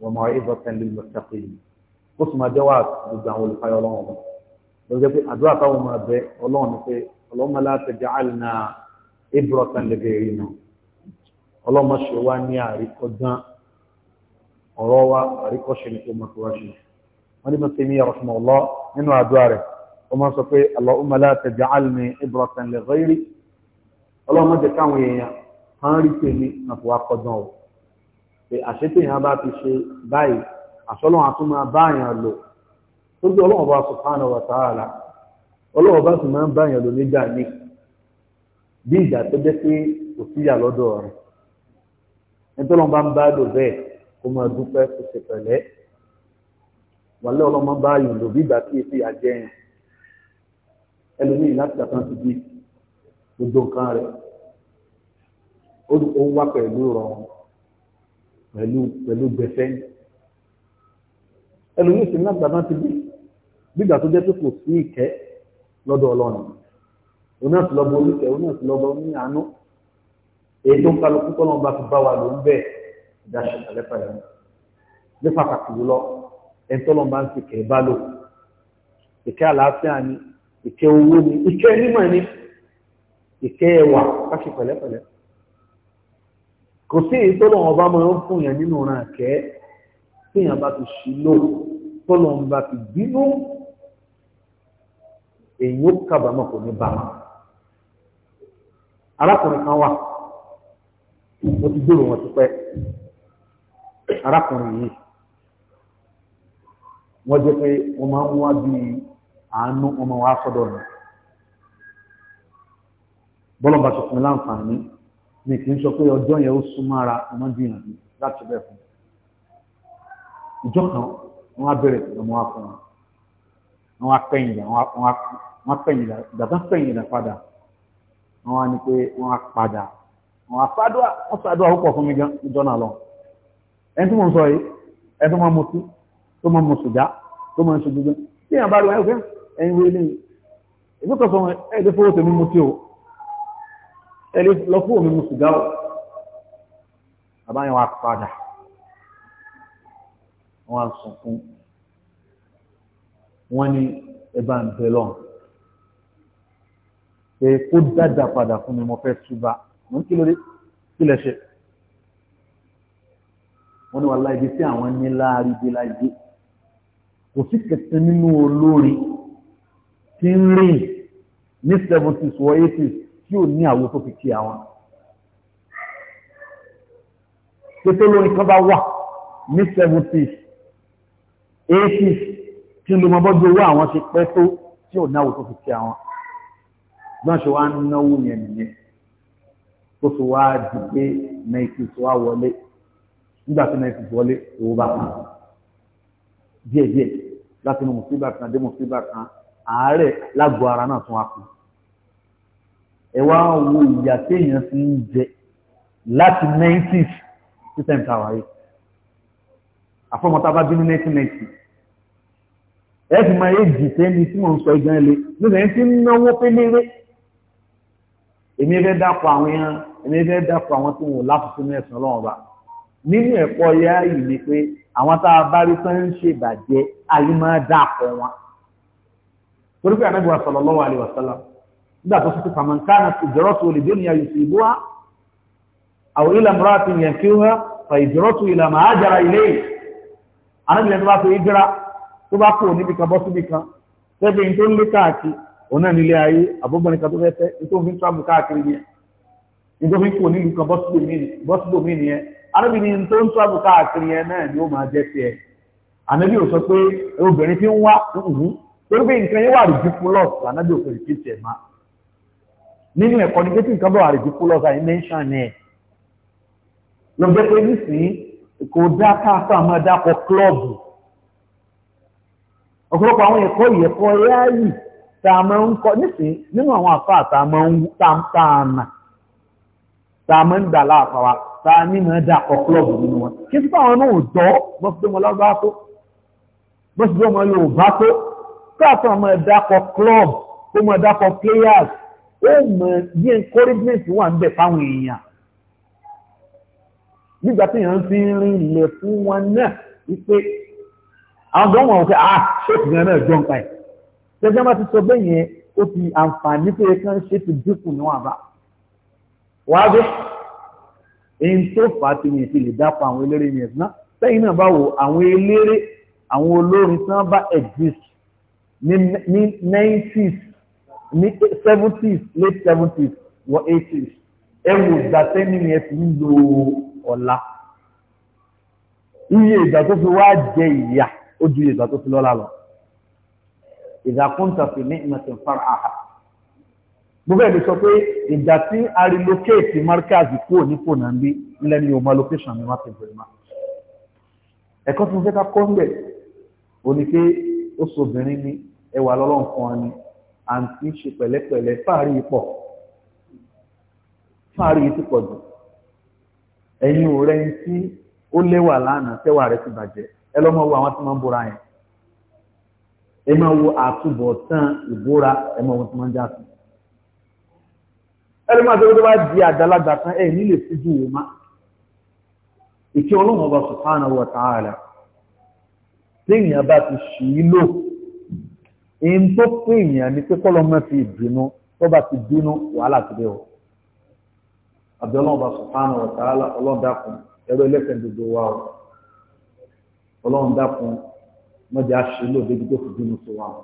wa maw'izatan lil muttaqin ó sì máa jẹ́ wà gbogbo àwọn olùfàyọ̀ ọlọ́run ọba lọ́jọ́ pé àdúrà táwọn máa bẹ ọlọ́run ni pé Allahumma la taj'alna ibratan li ghayrina ọlọ́mọ ṣe wá ní àríkọján ọ̀rọ̀ wa àríkọ́ṣe ní tó mọ̀tò wáṣe wọ́n ní wọ́n rí tèmi àti wá kọjọ́ ọ̀ pé àṣetèyàn bá ti ṣe báyìí àṣọlọ́wọ́n àtún máa báyàn lò tó gbé ọlọ́wọ́n bá subhanahu wa ta'ala ọlọ́wọ́n bá sì máa ń báyàn lò níjà ní bí ìjà tó jẹ́ pé kò síyà lọ́dọ̀ rẹ̀ nítorí wọn bá ń bá lò bẹ́ẹ̀ kó máa dúpẹ́ kó ṣe pẹ̀lẹ́ wàlẹ́ ọlọ́mọ bá yùn lò bí ìgbà tí èsì àjẹyìn ẹlòmíì láti ó wá pẹ̀lú rọ pẹ̀lú pẹ̀lú gbẹ̀fẹ́ ẹlòmíì sì náà gbàgbọ́n ti bí gbígbà tó jẹ́ pé kò sí ìkẹ́ lọ́dọ̀ ọlọ́run òun náà ti lọ bọ oríkẹ́ òun náà ti lọ bọ ní àánú èyí tó ń kálukú tọ́lọ́run bá fi bá wa lò ń bẹ́ẹ̀ ìdáṣẹ́ àlẹ́fà yẹn ní pàtàkì jùlọ ẹni tọ́lọ́run bá ń fi kẹ́ bá lò ìkẹ́ àlàáfíà ni ìkẹ́ owó ni ìkẹ́ onímọ̀ ni ìkẹ́ ẹwà káṣí pẹ̀lẹ́pẹ̀lẹ́ kò sí èyí tó lọ́wọ́ bá máa ń fún yàn nínú ọ̀ràn àkẹ́ tí yàn bá ti ṣí lò tó lọ́wọ́ bá ti bínú èyí ó kábàámọ̀ kò ní bá wọn. arákùnrin kan wà mo ti gbèrò wọn ti arákùnrin yìí wọ́n jẹ́ pé wọ́n máa ń wá bí àánú ọmọ wa sọ́dọ̀ rẹ̀ bọ́lọ̀ bá ṣe fún láǹfààní mi kì í sọ pé ọjọ́ yẹn ó súnmọ́ra ọmọ gbìyànjú láti bẹ̀ fún ìjọ kan wọn á bẹ̀rẹ̀ lọ́mọ wa fún wọn wọn á pẹ̀yìndà wọn á pẹ̀yìndà dàbá pẹ̀yìndà padà wọn á ní pé wọn á padà wọn á fàdúà wọn fàdúà ó pọ̀ fún mi gan ìjọ náà lọ ẹni tí mo ń sọ yìí ẹni tó máa ń mutí tó máa ń mu tó máa ń tí èèyàn bá rí wọn ẹ fẹ́ ẹ̀yin wọlé ẹ̀ ẹni lọ fún òmìnú ṣùgá ọ̀ àbáyọ̀ wa padà wọ́n á sùn fún wọ́n ní ẹ̀bá ń bẹ̀ lọ́n pé kó dáadáa padà fún mi mo fẹ́ túbà mo ń kílódé kílẹ̀ ṣe wọ́n ní wà láìdí sí àwọn ní láàárín dé láìdí kò sí kẹsàn nínú olórí tí ń rìn ní seventies or eighties tí ò ní àwo tó fi kí àwọn. Pété lórin kan bá wà ní seventies, eighties, tí ló mọ bọ́jú owó àwọn ṣe pẹ́ tó tí ò náwó tó fi kí àwọn. Gbọ́n ṣe wá ń náwó yẹn nìyẹn. Tó fi wá dìde nineties wá wọlé. Nígbà tí nineties wọlé, owó bá kàn. Díẹ̀díẹ̀ láti inú mùsíbà kan dé mùsíbà kan, àárẹ̀ lágbo ara náà tún wá kù ẹ wá wo ìyà téèyàn fi ń jẹ láti 90s tí tẹ́ǹtì àwárí àfọmọta bá bí ní 1990 ẹ fi máa yé jì sẹ́ni tí mò ń sọ ìgbọ́n ilé nígbà yẹn ti ń náwó pélére èmi fẹ́ dápọ̀ àwọn yẹn èmi fẹ́ dápọ̀ àwọn tí wọn ò láfùsí ní ẹ̀sán ọlọ́run ọba nínú ẹ̀kọ́ yá yìí ni pé àwọn tá a bá rí sọ́n ń ṣèbàjẹ́ ayé máa dápọ̀ wọn torí pé ànágbà sallallahu alaihi wasallam nígbà tó sọ́kù fàmọ̀nkánà ìjọ́rọ́tù olùdóníyà yìí sí ibúwá àwọn ilẹ̀ mọ́ràtí yẹn kí wọ́n fa ìjọ́rọ́tù ilẹ̀ máa jára ilé anábìnrin tó bá fi ìjọ́ra tó bá kò níbi kan bọ́ síbi kan tẹ́bí tó ń lé káàkiri ọ̀nà nílé ayé àbúgbọ́n nìkan tó fẹ́ fẹ́ tó fi ń tọ́bù káàkiri yẹn nígbà fi kò níbi kan bọ́ síbò mí nìyẹn anábìnrin tó ń tọ́bù káàkiri yẹn náà ni ó máa jẹ́ tiẹ̀ anábì ò sọ pé obìnrin ti ń wá torí pé nǹkan yẹn wà rìdíkúlọ̀ lànàbì ò fẹ́ rìdíkúlọ̀ nínú ẹ̀kọ́ ní pé tí nǹkan bọ̀ àrètí kú lọ́sà yìí mẹ́ńṣàn ni ẹ̀ lọ jẹ́ pé nísìnyí kò dá káàkó àmọ́ dápọ̀ klọ́ọ̀bù ọ̀pọ̀lọpọ̀ àwọn ẹ̀kọ́ yìí ẹ̀kọ́ yáàyì ń kọ́ nísìnyí nínú àwọn àfà tá ń tá a ń dà láàpá wa tá a ní máa dápọ̀ klọ́ọ̀bù nínú wọn kí sípò àwọn náà ò dọ́ bó ti dé wọn lọ́gbà tó bó players ó mọ̀ bí encouragement wà ń bẹ̀ fáwọn èèyàn nígbà tí èèyàn fi ń rin ilẹ̀ fún wọn náà wípé àwọn gan wọn wípé ah ṣéèkì gan náà jọ ń pa ẹ̀ ṣẹ́jọ́ bá ti sọ bẹ́ẹ̀ yẹn ó ti àǹfààní pé kan ṣe ti dínkù níwọ̀n àbá wàá bẹ́ẹ̀ èyí tó fà á ti wọ́n ti lè dápa àwọn eléré yẹn ná sẹ́yìn náà bá wo àwọn eléré àwọn olórin tí wọ́n bá exist ní 90s ní seventies late seventies wọ eighties ẹ wò ìgbà tẹ́ni yẹn fi ń lo ọ̀la iye ìgbà tó fi wá jẹ ìyà ó ju ìgbà tó fi lọ́la lọ ìgbà kúńtà fi ní ìmọ̀tẹ̀ fara àhà gbogbo ẹ̀mí sọ pé ìgbà tí a relocate markaz kúrò ní kò náà ń bí lẹ́ni ọmọ location ni wọ́n ti bẹ̀rẹ̀ máa ẹ̀kọ́ tí mo fẹ́ ká kọ́ ń bẹ̀ ò pé ó sobìnrin ni ẹwà lọ́lọ́run fún ọ ni àǹtí ṣe pẹ̀lẹ́pẹ̀lẹ́ fàárí pọ̀ fàárí ti pọ̀ jù ẹ̀yin ò rẹ́ni tí ó léwà lánàá tẹ́wà rẹ̀ ti bàjẹ́ ẹ wo àwọn tí ń yẹn ẹ wo àtúbọ̀tán ẹ máa tí ma ń já sí. ẹlẹ́mọ̀ di tán ẹ̀ nílè síjú wò má ọlọ́run ọba bá ti ṣì í lò. èyí tó pé èèyàn ni pé kọ́lọ́ mọ́ fi bínú tó bá ti bínú wàhálà ti dé o àbẹ̀lọ́wọ́ bá subhanahu wa ta'ala ọlọ́dàkùn ẹ̀rọ ẹlẹ́sẹ̀ gbogbo wa o ọlọ́dàkùn mọ́jà ṣe lóde ibi tó fi bínú sí wa o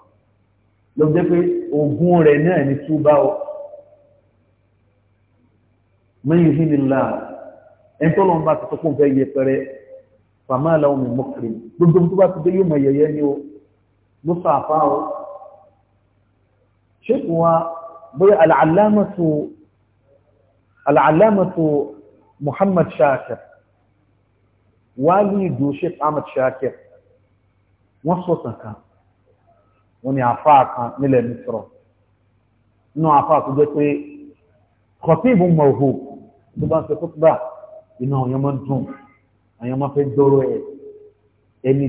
ló jẹ́ pé ogun rẹ̀ náà ni túbá o mẹ́yìn sí ni là ẹni tó lọ́n bá ti sọ́kùn fẹ́ yẹpẹrẹ fàmáàlà omi mọ́kìrì gbogbo tó bá ti dé yóò mọ yẹyẹ ni o ló o ṣé kò wá bóyá alàlámàtò alàlámàtò Muhammad Shakir wálìdù Sheikh Ahmad Shakir wọ́n sọ̀tàn kan wọ́n ní àfáà kan nílẹ̀ Misra inú àfáà tó jẹ́ pé kọ̀tíìbù mọ̀hù tó bá ń ṣe fúkúbà iná ọ̀yàn máa ń dùn ọ̀yàn máa fẹ́ dọ́rọ̀ ẹ̀ ẹni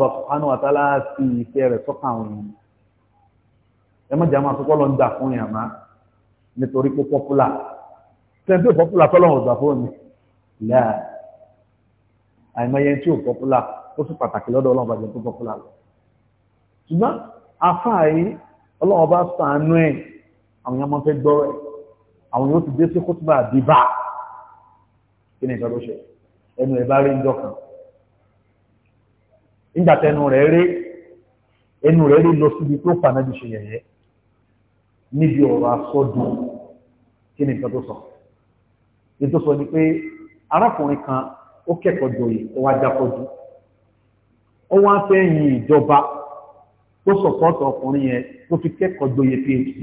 bá subhanahu wa sí ìfẹ́ rẹ̀ sọ́kàn ẹ má jà máa sọpọ́ lọ ń gbà fún yàn má nítorí pé pọ́pùlà tẹ́ńtì pọ́pùlà tọ́lọ́wọ̀n ọ̀gbà fóònù láà àìmọye tí ò pọ́pùlà ó sì pàtàkì lọ́dọ̀ ọlọ́run bàjẹ́ tó pọ́pùlà lọ. ṣùgbọ́n afáà yìí ọlọ́run bá sànú ẹ̀ àwọn yẹn máa fẹ́ gbọ́ ẹ̀ àwọn yóò ti dé sí kótóbà bíbá kí ni ìtọ́jú ṣe ẹnu ẹ̀ bá rí ń jọkàn nígbà tẹnu rẹ̀ rí ẹnu rẹ̀ rí lọ síbi tó fà náà ju ṣe yẹ̀yẹ́ níbi ọ̀rọ̀ asọ́dù kí ni nǹkan tó sọ ní tó sọ ni pé arákùnrin kan ó kẹ́kọ̀ọ́ jòyè ó wá jákọ́jú ó wá fẹ́ yin ìjọba tó sọ̀pọ̀tọ̀ ọkùnrin yẹn tó fi kẹ́kọ̀ọ́ jòyè phd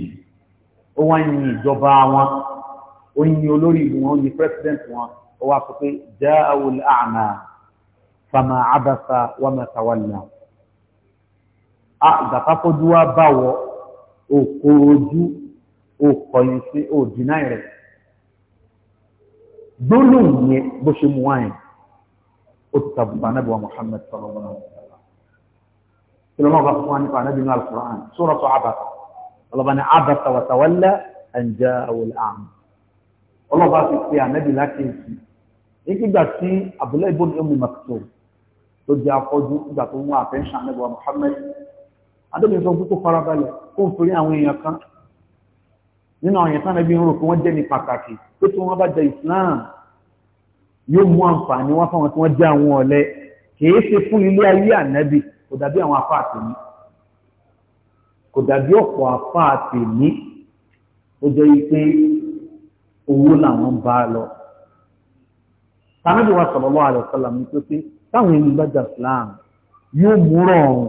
ó wá yin ìjọba wọn ó yin olórí ìlú wọn ó yin president wọn ó wá sọ pé ja'ahu al-a'ma fama abasa wa ma wa bá wọ òkò ojú òkọ̀yìn sí òdínà rẹ̀ gbóná ìyẹn bó ṣe mú wáyìn ó ti tàbùkù anábìwá Muhammad sallallahu alaihi wa sallam kí ló máa bá fún wa nípa anábìwá nínú Al-Qur'an suratu Abasa ọlọ́ba ní Abasa wa tawalla an ja'ahu al-a'ma ọlọ́ba ti pe anábìwá lákèéjì nígbà tí Abdullahi ibn Ummi Maktum tó jẹ́ afọ́jú nígbà tó mú àfẹ́ńṣà anábìwá Muhammad adóbìnrin sọ púpọ̀ farabalẹ̀ kó ń forí àwọn èèyàn kan nínú àwọn èèyàn tánàbí ń rò pé wọ́n jẹ́ ní pàtàkì pé tí wọ́n bá jẹ Islam yóò mú àǹfààní wá fáwọn tí wọ́n jẹ́ àwọn ọ̀lẹ kìí ṣe fún ilé ayé ànábì kò dàbí àwọn afá àtẹ̀mí kò dàbí ọ̀pọ̀ afá àtẹ̀mí ó jẹ́ pé owó làwọn bá lọ tánàbí wa sallallahu alaihi wasallam ní pé táwọn ènìyàn bá jẹ Islam yóò mú rọrùn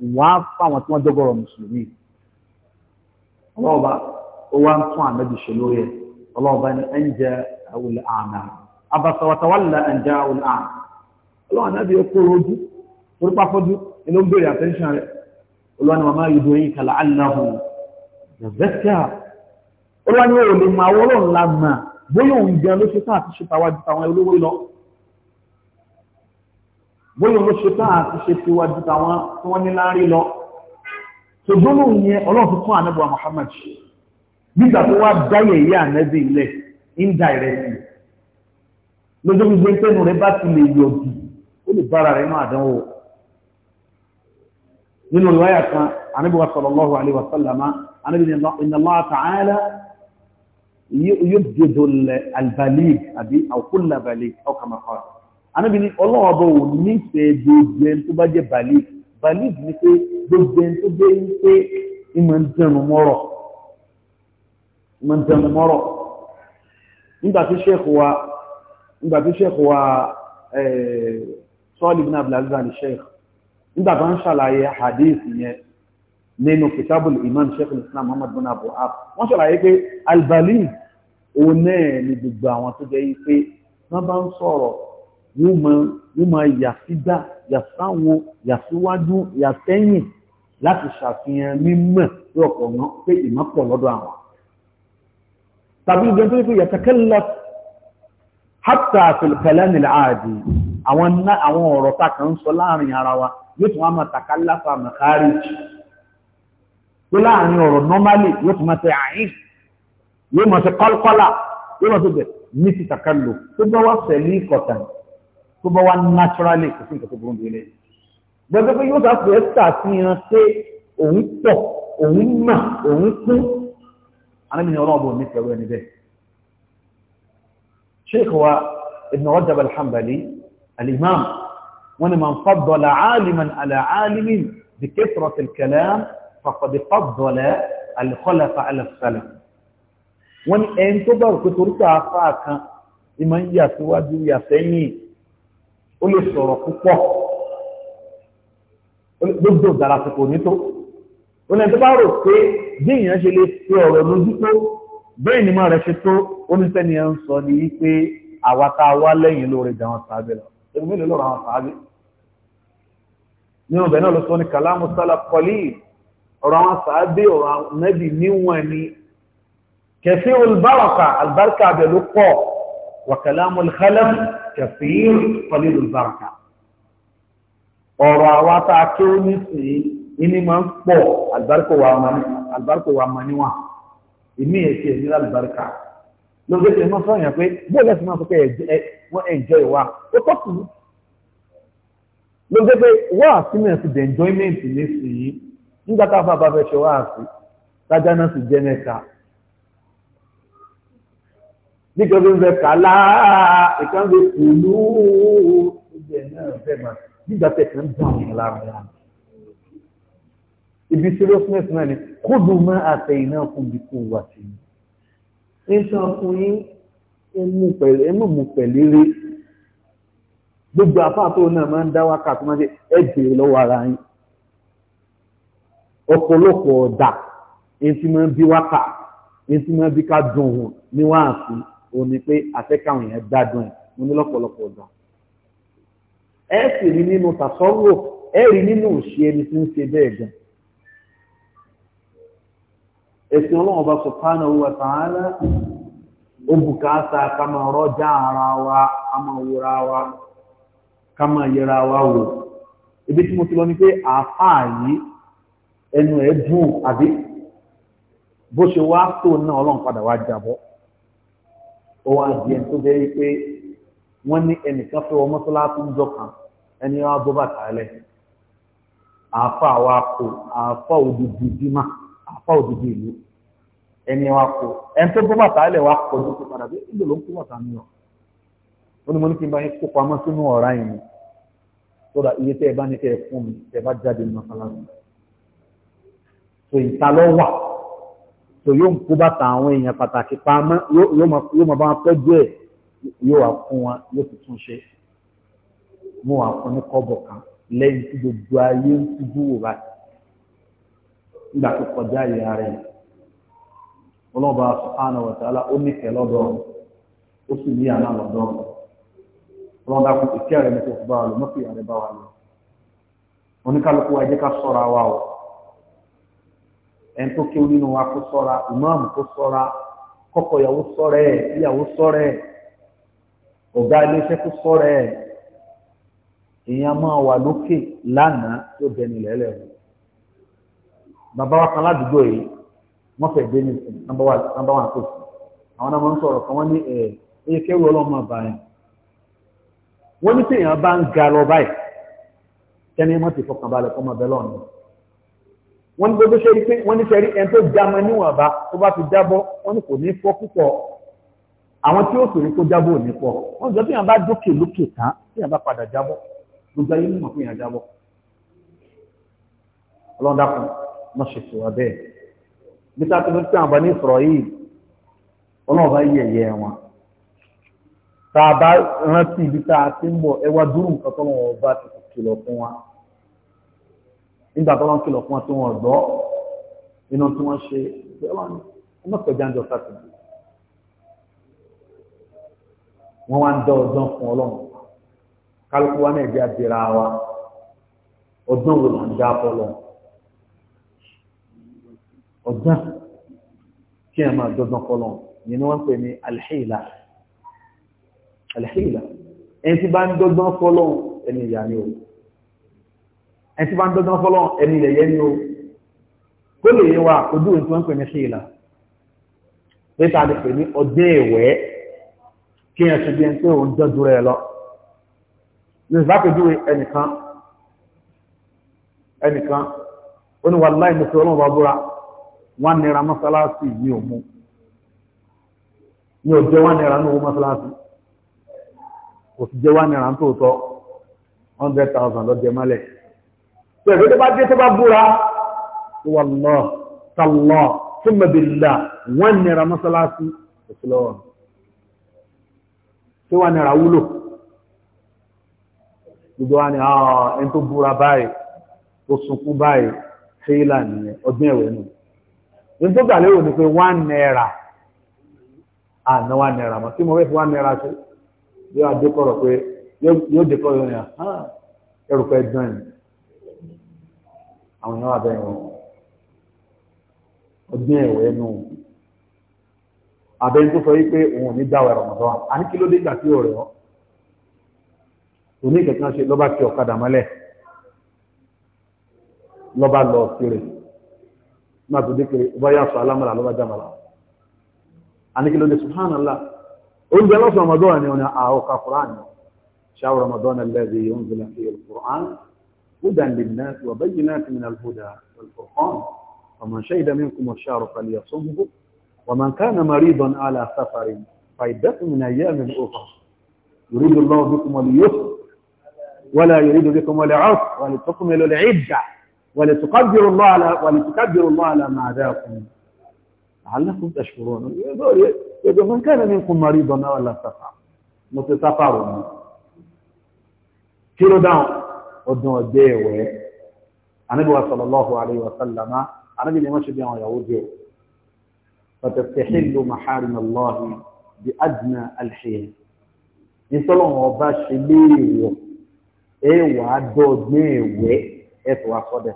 wọ́n á fáwọn tí wọ́n jọ́gọ̀rọ̀ mùsùlùmí ọlọ́ọ̀bá ó wá ń tún ànábì ṣe lórí ẹ̀ ọlọ́ọ̀bá ni ẹ̀ ń jẹ àwòlẹ̀ àmà àbàṣàwàtàwàlà ẹ̀ ń jẹ àwòlẹ̀ àmà ọlọ́ọ̀ ànábì ó kóró ojú torípa ń béèrè àtẹ́ńṣán rẹ̀ olúwa ni wọ́n máa yọ̀dọ̀ yìí kàlà aláhùn zẹ́kíà olúwa ni wọ́n bóyá ló ṣe tán àti ṣe ti wájú táwọn tí wọ́n ní láárí lọ ṣùgbọ́n lóun yẹn ọlọ́run fi kún ànábì Muhammad nígbà tó wá dáyẹ̀ yé ànábì ilẹ̀ indirectly lójó gbogbo tẹ́nu rẹ̀ bá ti lè yọ̀dù ó lè bára rẹ̀ máa dánwò nínú ìwáyà kan ànábì sallallahu alaihi wa sallam ànábì inna Allah ta'ala yóò jẹ́ dole albalig àbí aw kulla anábì ní ọlọ́run ọba ò nífẹ̀ẹ́ gbogbo ẹni tó bá jẹ́ balid balid ni pé gbogbo ẹni tó jẹ́ pé ìmọ̀ ń dẹnu mọ́rọ̀ ìmọ̀ ń dẹnu mọ́rọ̀ nígbà tí sẹ́ẹ̀kù wa nígbà tí sẹ́ẹ̀kù wa eh, sọ́ọ̀lì ibn abdulaziz ali sẹ́ẹ̀kù nígbà tó ń ṣàlàyé hadith yẹn nínú kitabul imam sẹ́ẹ̀kù islam muhammad bin abu ab wọ́n ṣàlàyé pé albalid òun náà ni gbogbo àwọn tó jẹ́ pé wọ́n bá ń sọ̀rọ̀ yóò mọ yóò mọ yà sígbà yà sáwo yà síwájú yà sẹ́yìn láti ṣàfihàn mímọ̀ tí ọ̀pọ̀ náà pé ìmọ̀ pọ̀ lọ́dọ̀ àwọn. tàbí ìgbẹ́ tó ní pé yàtàkẹ́lá hátà àfẹ̀lẹ̀kẹ́lẹ́ nílẹ̀ ààdì àwọn ọ̀rọ̀ tá kan ń sọ láàrin ara wa yóò tún wá máa tàkà láfa mẹ́kárì tó láàrin ọ̀rọ̀ nọ́málì yóò tún máa tẹ àyín yóò máa tẹ kọ́lkọ́là yóò máa tẹ bẹ̀ ní ti tàkà lò tó bá wá fẹ̀ ní ìkọ̀tàn tó bọ́ wá naturally kò sí nǹkan tó burú bí ilé gbọ́dọ̀ pé yóò sáfù ẹ́ ṣàfihàn pé òun pọ̀ òun mà òun kún anábìnrin ọlọ́ọ̀bù ní pẹ̀lú ẹni bẹ́ẹ̀ sheikh wa ibn rajab alhambali alimam wọn ni man faddala aliman ala alimin bi kathrati alkalam faqad faddala alkhalafa ala salaf wọn ni ẹni tó bá rò pé torí pé àáfàá kan ìmọ̀ ń yà síwájú yà sẹ́yìn ó lè sọ̀rọ̀ púpọ̀ gbogbo ìdàràsìkò nító ó lẹ́yìn tó bá rò pé bí èèyàn ṣe lè fi ọ̀rọ̀ lójú tó bẹ́ẹ̀ ni máa rẹ̀ ṣe tó oníṣẹ́ni ẹ̀ ń sọ ní wípé àwa tá a wá lẹ́yìn lóore jà wọn lọ ẹgbẹ́ mélòó lọ́rọ̀ àwọn sàábé nínú bẹ̀rẹ̀ náà ló sọ ní kàlámù sálà kọlí ọ̀rọ̀ àwọn sàábé ọ̀rọ̀ nẹ́bì níwọ̀n ni kẹfí olùbáràkà àlùbáríkà abẹ ló pọ̀ wà kàlámù alhálẹ́mù kẹfìr pẹ̀lú ìbáraka ọ̀rọ̀ àwa tá a kí ó ní sí iní máa ń pọ̀ àlùbáríkò wa máa níwà ìmí èsì èsì àlùbáríkà lóògbé tí wọ́n sọ̀yàn pé bóyá sì máa fọ́kẹ́ wọ́n ẹ̀jọ́ ìwà ó tọ́kù lóògbé pé wọ́n àfihàn sí the enjoyment nísìnyí nígbà tá a fà bá fẹ́ ṣe wá sì jẹ́ mẹ́ta nítorí ń bẹ kàlá ìkan bẹ kùlú ìbẹ̀ náà bẹ̀ mà nígbà tẹ̀ kàn dùn àwọn lára wọn. ibi seriousness náà ni kódù máa àtẹ̀yìn náà fún bí kò wà sí i. nǹkan ọkùnrin ẹ mú mu pẹ̀lú rí gbogbo àfáàtò náà máa ń dá wákàtí máa ń ṣe ẹ jèrè lọ́wọ́ ara yín ọ̀pọ̀lọpọ̀ ọ̀dà ẹ ti máa ń bí wákà ẹ ti máa ń bí ká dùn wọn ní wáàsí òun ni pé afẹ́káwọn yẹn gbádùn ẹ̀ mo ní lọ́pọ̀lọpọ̀ ọ̀dà ẹ sì rí nínú tàṣọ́wò ẹ rí nínú òṣì ẹni tí ń ṣe bẹ́ẹ̀ gan ẹ̀sìn ọlọ́run ọba subhanahu wa ta'ala ó bùkátà ká máa rọ́jà ara wa ká máa wúra wa ká máa yẹra wa wò ibi tí mo ti lọ ni pé àáfàá yìí ẹnu ẹ̀ dùn àbí bó ṣe wá tó náà ọlọ́run padà wá jábọ́ ó wá di ẹni tó jẹ́ pé wọ́n ní ẹnìkan fẹ́ wọ mọ́sálásí ń jọ kan ẹni wá bọ́ bàtà lẹ̀ àáfà wa kò àáfà òdìdí bímà àáfà òdìdí ìlú ẹni wa kò ẹni tó bọ́ bàtà lẹ̀ wa kò ní kó padà bí ìlú ló ń kó bàtà mi ọ̀ ó ní mo ní kí n bá yín kó pamọ́ sínú ọ̀rá yẹn ni sódà iye tẹ́ ẹ bá ní kẹ́ ẹ fún mi tẹ́ ẹ bá jáde ní mọ́sálásí so ìta lọ wà tó yóò ń kó bàtà àwọn èèyàn pàtàkì pamọ́ yóò máa bá wọn tọ́jú ẹ̀ yóò wá fún wọn yóò fi tún ṣe mo wà fún ní kọ́bọ̀ kan lẹ́yìn tí gbogbo ayé ń túbú wò báyìí nígbà tó kọjá ìyá rẹ̀ ọlọ́ba subhanahu wa ta'ala ó nífẹ̀ẹ́ lọ́dọ̀ ó sì ní àná lọ́dọ̀ ọlọ́ba kò sí kí ẹ̀rẹ́ ní kò fún bá wa lọ mọ́kì ẹ̀rẹ́ bá wa lọ oníkálukú wa jẹ́ ká sọ́ra wa o. ẹni tó kéwú nínú wa kó sọ́ra ìmáàmù kó sọ́ra kọ́kọ́ ìyàwó sọ́ra ẹ̀ ìyàwó sọ́ra ẹ̀ ọ̀gá iléeṣẹ́ kó sọ́ra ẹ̀ èèyàn máa wà lókè lánàá dẹni lẹ́lẹ̀ bàbá wa kan tí èèyàn bá ń ga lọ báyìí wọ́n ní gbogbo ṣẹ́rí pé wọ́n ní ṣẹ́rí ẹni tó jámọ níwọ̀nba tó bá fi jábọ́ wọ́n ní kò ní fọ́ púpọ̀ àwọn tí ó sòrí kó jábọ́ ò ní pọ̀ wọ́n jọ fihàn bá dókè lókè tán fihàn bá padà jábọ́ gbogbo ayé mímọ̀ fihàn jábọ́ ọlọ́run dákun má ṣe sọ bẹ́ẹ̀ bí sáà tó fi pé àǹbá ní ìsọ̀rọ̀ yìí ọlọ́run bá yẹ ẹ̀yẹ wọn tá a bá rántí ibi tá a ti ń bọ̀ ẹwà dúró nǹkan tó wọn nígbà tó wọ́n kìlọ̀ fún wọn tó wọ́n gbọ́ inú tí wọ́n ṣe ṣe wọ́n ní wọ́n pẹ̀já jọ sátidé wọ́n wá ń dá ọdún fún ọlọ́run kálukú wa náà jẹ́ àdìrà wa ọdún wo là ń dá fọlọ́ ọdún kí ẹ máa dọ́dún fọlọ́ yìí ni wọ́n pè ní alhíìlà alhíìlà ẹni tí bá ń dọ́dún fọlọ́ ẹni ìyá ni o ẹni tí bá ń dọ́gbọ́n fọ́lọ́ ẹni ilẹ̀ yẹn ni o kó lè yẹ wa ojú òun tí wọ́n ń pè ní ṣìlá létà lè pè ní ọdẹ ìwẹ́ kí ẹ̀ ṣe bí ẹni pé òun jọ́jú rẹ̀ lọ yorùbá pẹ̀lú ẹnìkan ẹnìkan ó ní wà láì mọ̀ sí ọlọ́run bá búra wọ́n nira mọ́sálásì ní òmu ní òjò wọ́n nira ní owó mọ́sálásì kò sì jẹ́ wọ́n nira ní tòótọ́ one hundred thousand lọ́jẹ́ mọ́lẹ̀ pẹ̀lú tó bá dé tó bá búra wàlọ́ tàlọ́ fún mẹ́bìlá wọ́n nira mọ́sálásí ìfìlọ́wọ́n tí wọ́n nira wúlò gbogbo wa ni ah, ẹni tó búra báyìí tó sunkún báyìí fẹ́lá nìyẹn ọdún yóò adékọ̀rọ̀ pé yóò dékọ̀rọ̀ yóò ní ah, ẹrù pẹ́ dán àwọn èèyàn abẹ́ wọn ọdún ẹ̀wẹ̀ nù abẹ́ tó sọ yí pé òun ò ní dáwọ̀ Ramadan àní kí ló dé ìgbà tí ò rẹ̀ ọ́ òní ìkẹ̀kẹ́ ṣe lọ́ba ti ọ̀kadà mọ́lẹ̀ lọ́ba lọ kiri má tó dé kiri bọ́yá sọ alámọ̀lá lọ́ba jàmọ̀lá àní kí ló dé subhanallah oúnjẹ lọ́sọ̀ Ramadan ni ọ̀nà àwọn kakura ṣáwọ̀ Ramadan alladhi unzila هدى للناس وبينات من الهدى والفرقان فمن شهد منكم الشهر فليصمه ومن كان مريضا على سفر فعدة من أيام أخرى يريد الله بكم اليسر ولا يريد بكم العسر ولتكملوا العدة ولتقدروا الله على ولتكبروا الله على ما عداكم لعلكم تشكرون يقول من كان منكم مريضا ولا سفر متسفر كيلو داون ọdún ọjọ́ ẹ̀wẹ́ anábì wa sallallahu alayhi wa sallama anábì ni wọ́n ṣe bí àwọn ìyàwó jẹ́ fatatahillu maharim allahi bi adna alhin ìtọ́lọ́wọ́n ọba ṣe léèwọ̀ ẹ̀ wà á dọ́gbẹ́ ẹ̀wẹ́ ẹ̀ tó wá sọ́dẹ̀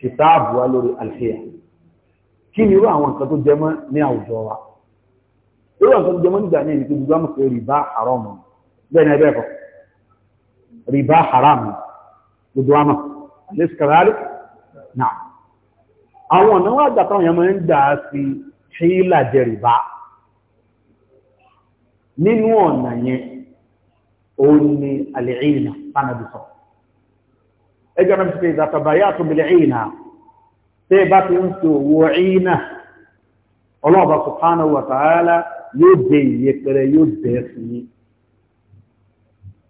kìtáàbù wa lórí alhin kí ni irú àwọn nǹkan tó jẹmọ́ ní àwùjọ wa irú àwọn nǹkan tó jẹmọ́ nígbà ní ìlú gbogbo àmọ̀ pé rìbá haram bẹ́ẹ̀ ni ẹgbẹ́ ẹ̀kọ́ rìbá haram gbogbo àmọ̀ alẹ́sìkàrálẹ̀ náà àwọn ọ̀nà wà gbà táwọn yẹmọ́ ń dà á sí ṣílà jẹ rìbá nínú ọ̀nà yẹn òun ni àlẹ́ ìrìnà tánàbìsọ̀ ẹgbẹ́ ọ̀nà bí sọ tẹ́ bá fi ń fi òwò ẹ̀yìnà ọlọ́ọ̀bá subhanahu wa ta'ala yóò dé ìyẹpẹrẹ yóò dẹ̀ sí i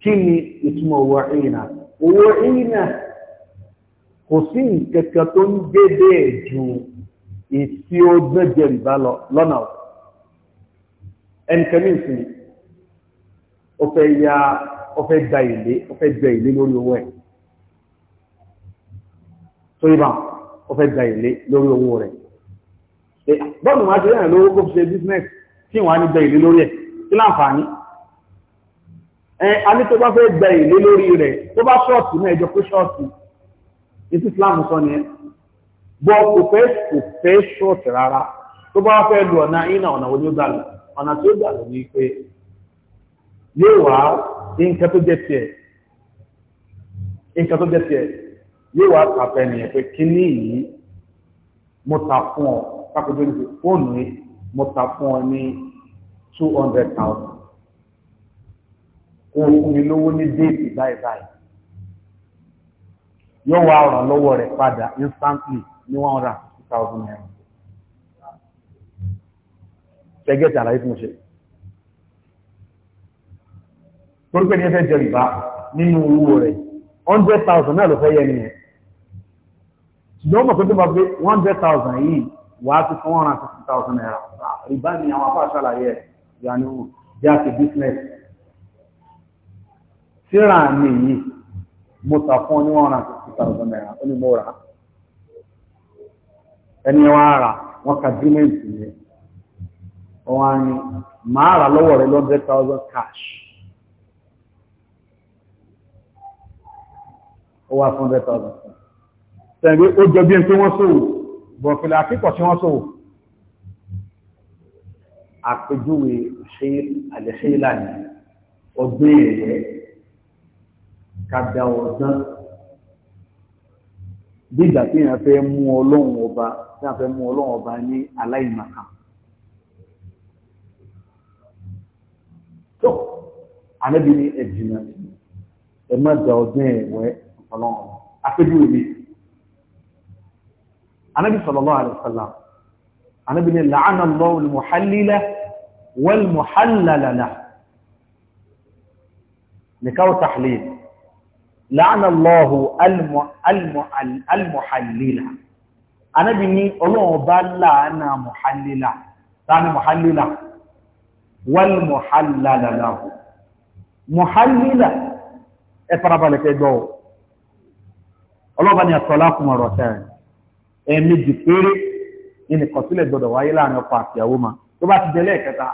kí ni ìtumọ̀ òwò ẹ̀yìnà òwò kò sí ìkẹ̀kẹ̀ tó ń gbé bẹ́ẹ̀ ju ìfi ọgbẹ́ jẹ̀rìbá lọ lọ́nà ẹnikẹ́ni ìsìn ó fẹ́ ya ó fẹ́ da ìlé ó fẹ́ jẹ ìlé lórí owó ẹ̀ tó yẹ báwọn ó fẹ́ gba èlé lórí owó rẹ̀ bọ́ọ̀lù máa ti rí ẹ̀rọ owó kó fi ṣe business tí wọ́n á ní gba èlé lórí ẹ̀ kí láǹfààní ẹ a ní tó bá fẹ́ gba èlé lórí rẹ̀ tó bá ṣọ́ọ̀tì náà ẹjọ́ pé ṣọ́ọ̀tì ìtú Islam sọ nìyẹn bọ́ kò fẹ́ kò fẹ́ ṣọ́ọ̀tì rárá tó bá fẹ́ lu ọ̀nà iná ọ̀nà wo ni ó gbà lọ ọ̀nà tí ó gbà ni pé yóò wá nǹkan tó jẹ́ tiẹ̀ nǹkan tó jẹ́ tiẹ̀ yóò wá kàfẹ́ nìyẹn pé kíní yìí mo ta fún ọ kápẹ́jọ́ ní fóònù yìí mo ta fún ọ ní two hundred thousand kó o fún mi lówó ní déètì báyìí báyìí yóò wá ràn lọ́wọ́ rẹ̀ padà instantly ní one hundred and fifty thousand naira ṣẹ́gẹ́tì àlàyé fún ṣe torí pé ní ẹ fẹ́ jẹ rìbá nínú owó rẹ̀ hundred thousand náà ló fẹ́ yẹ nìyẹn ṣùgbọ́n mọ̀ tó tó bá pé one hundred thousand yìí wà á ti fún one hundred fifty thousand naira ìbá ni àwọn afá ṣàlàyé ẹ̀ ìyanu jáde business síra mi yìí mo tà fún ọ ní one hundred fifty thousand naira ó ní mo rà ẹni wọn á rà wọn ka agreement yẹn wọn á ní rà lọ́wọ́ rẹ one hundred thousand cash. ó wá fún hundred thousand tẹ̀gbé ó jọ bí i pé wọ́n sòwò bọ̀fìlà akíkọ̀ tí wọ́n sòwò àpèjúwe ṣe àlẹ́ṣẹ́ ìlànà ọgbẹ́ ẹ̀yẹ kàdà ọ̀dán bí ìgbà tí èèyàn fẹ́ mú ọlọ́run ọba tí èèyàn fẹ́ mú ọlọ́run ọba ní aláìmọ̀kan tó ànábi ní ẹ̀jìnà ẹ̀ má da ọgbẹ́ ẹ̀wẹ́ ọlọ́run àpèjúwe mi anábì sallallahu alaihi wasallam anábì ní la'ana Allahu al-muhallila wal-muhallala lahu nìkáwọ́ tahlil la'ana Allahu al-muhallila anábì ní ọlọ́wọ́ bá la'ana muhallila tani muhallila wal-muhallala lahu muhallila ẹ farabalẹ̀ kẹgbọ́ ọlọ́ba ni àtọ́lá kùmọ̀rọ̀ ẹ̀ẹ̀mejì péré ní kọ̀sílẹ̀ gbọ́dọ̀ wáyé láàrin ọkọ àti ìyàwó ma tó bá ti délé ẹ̀kẹta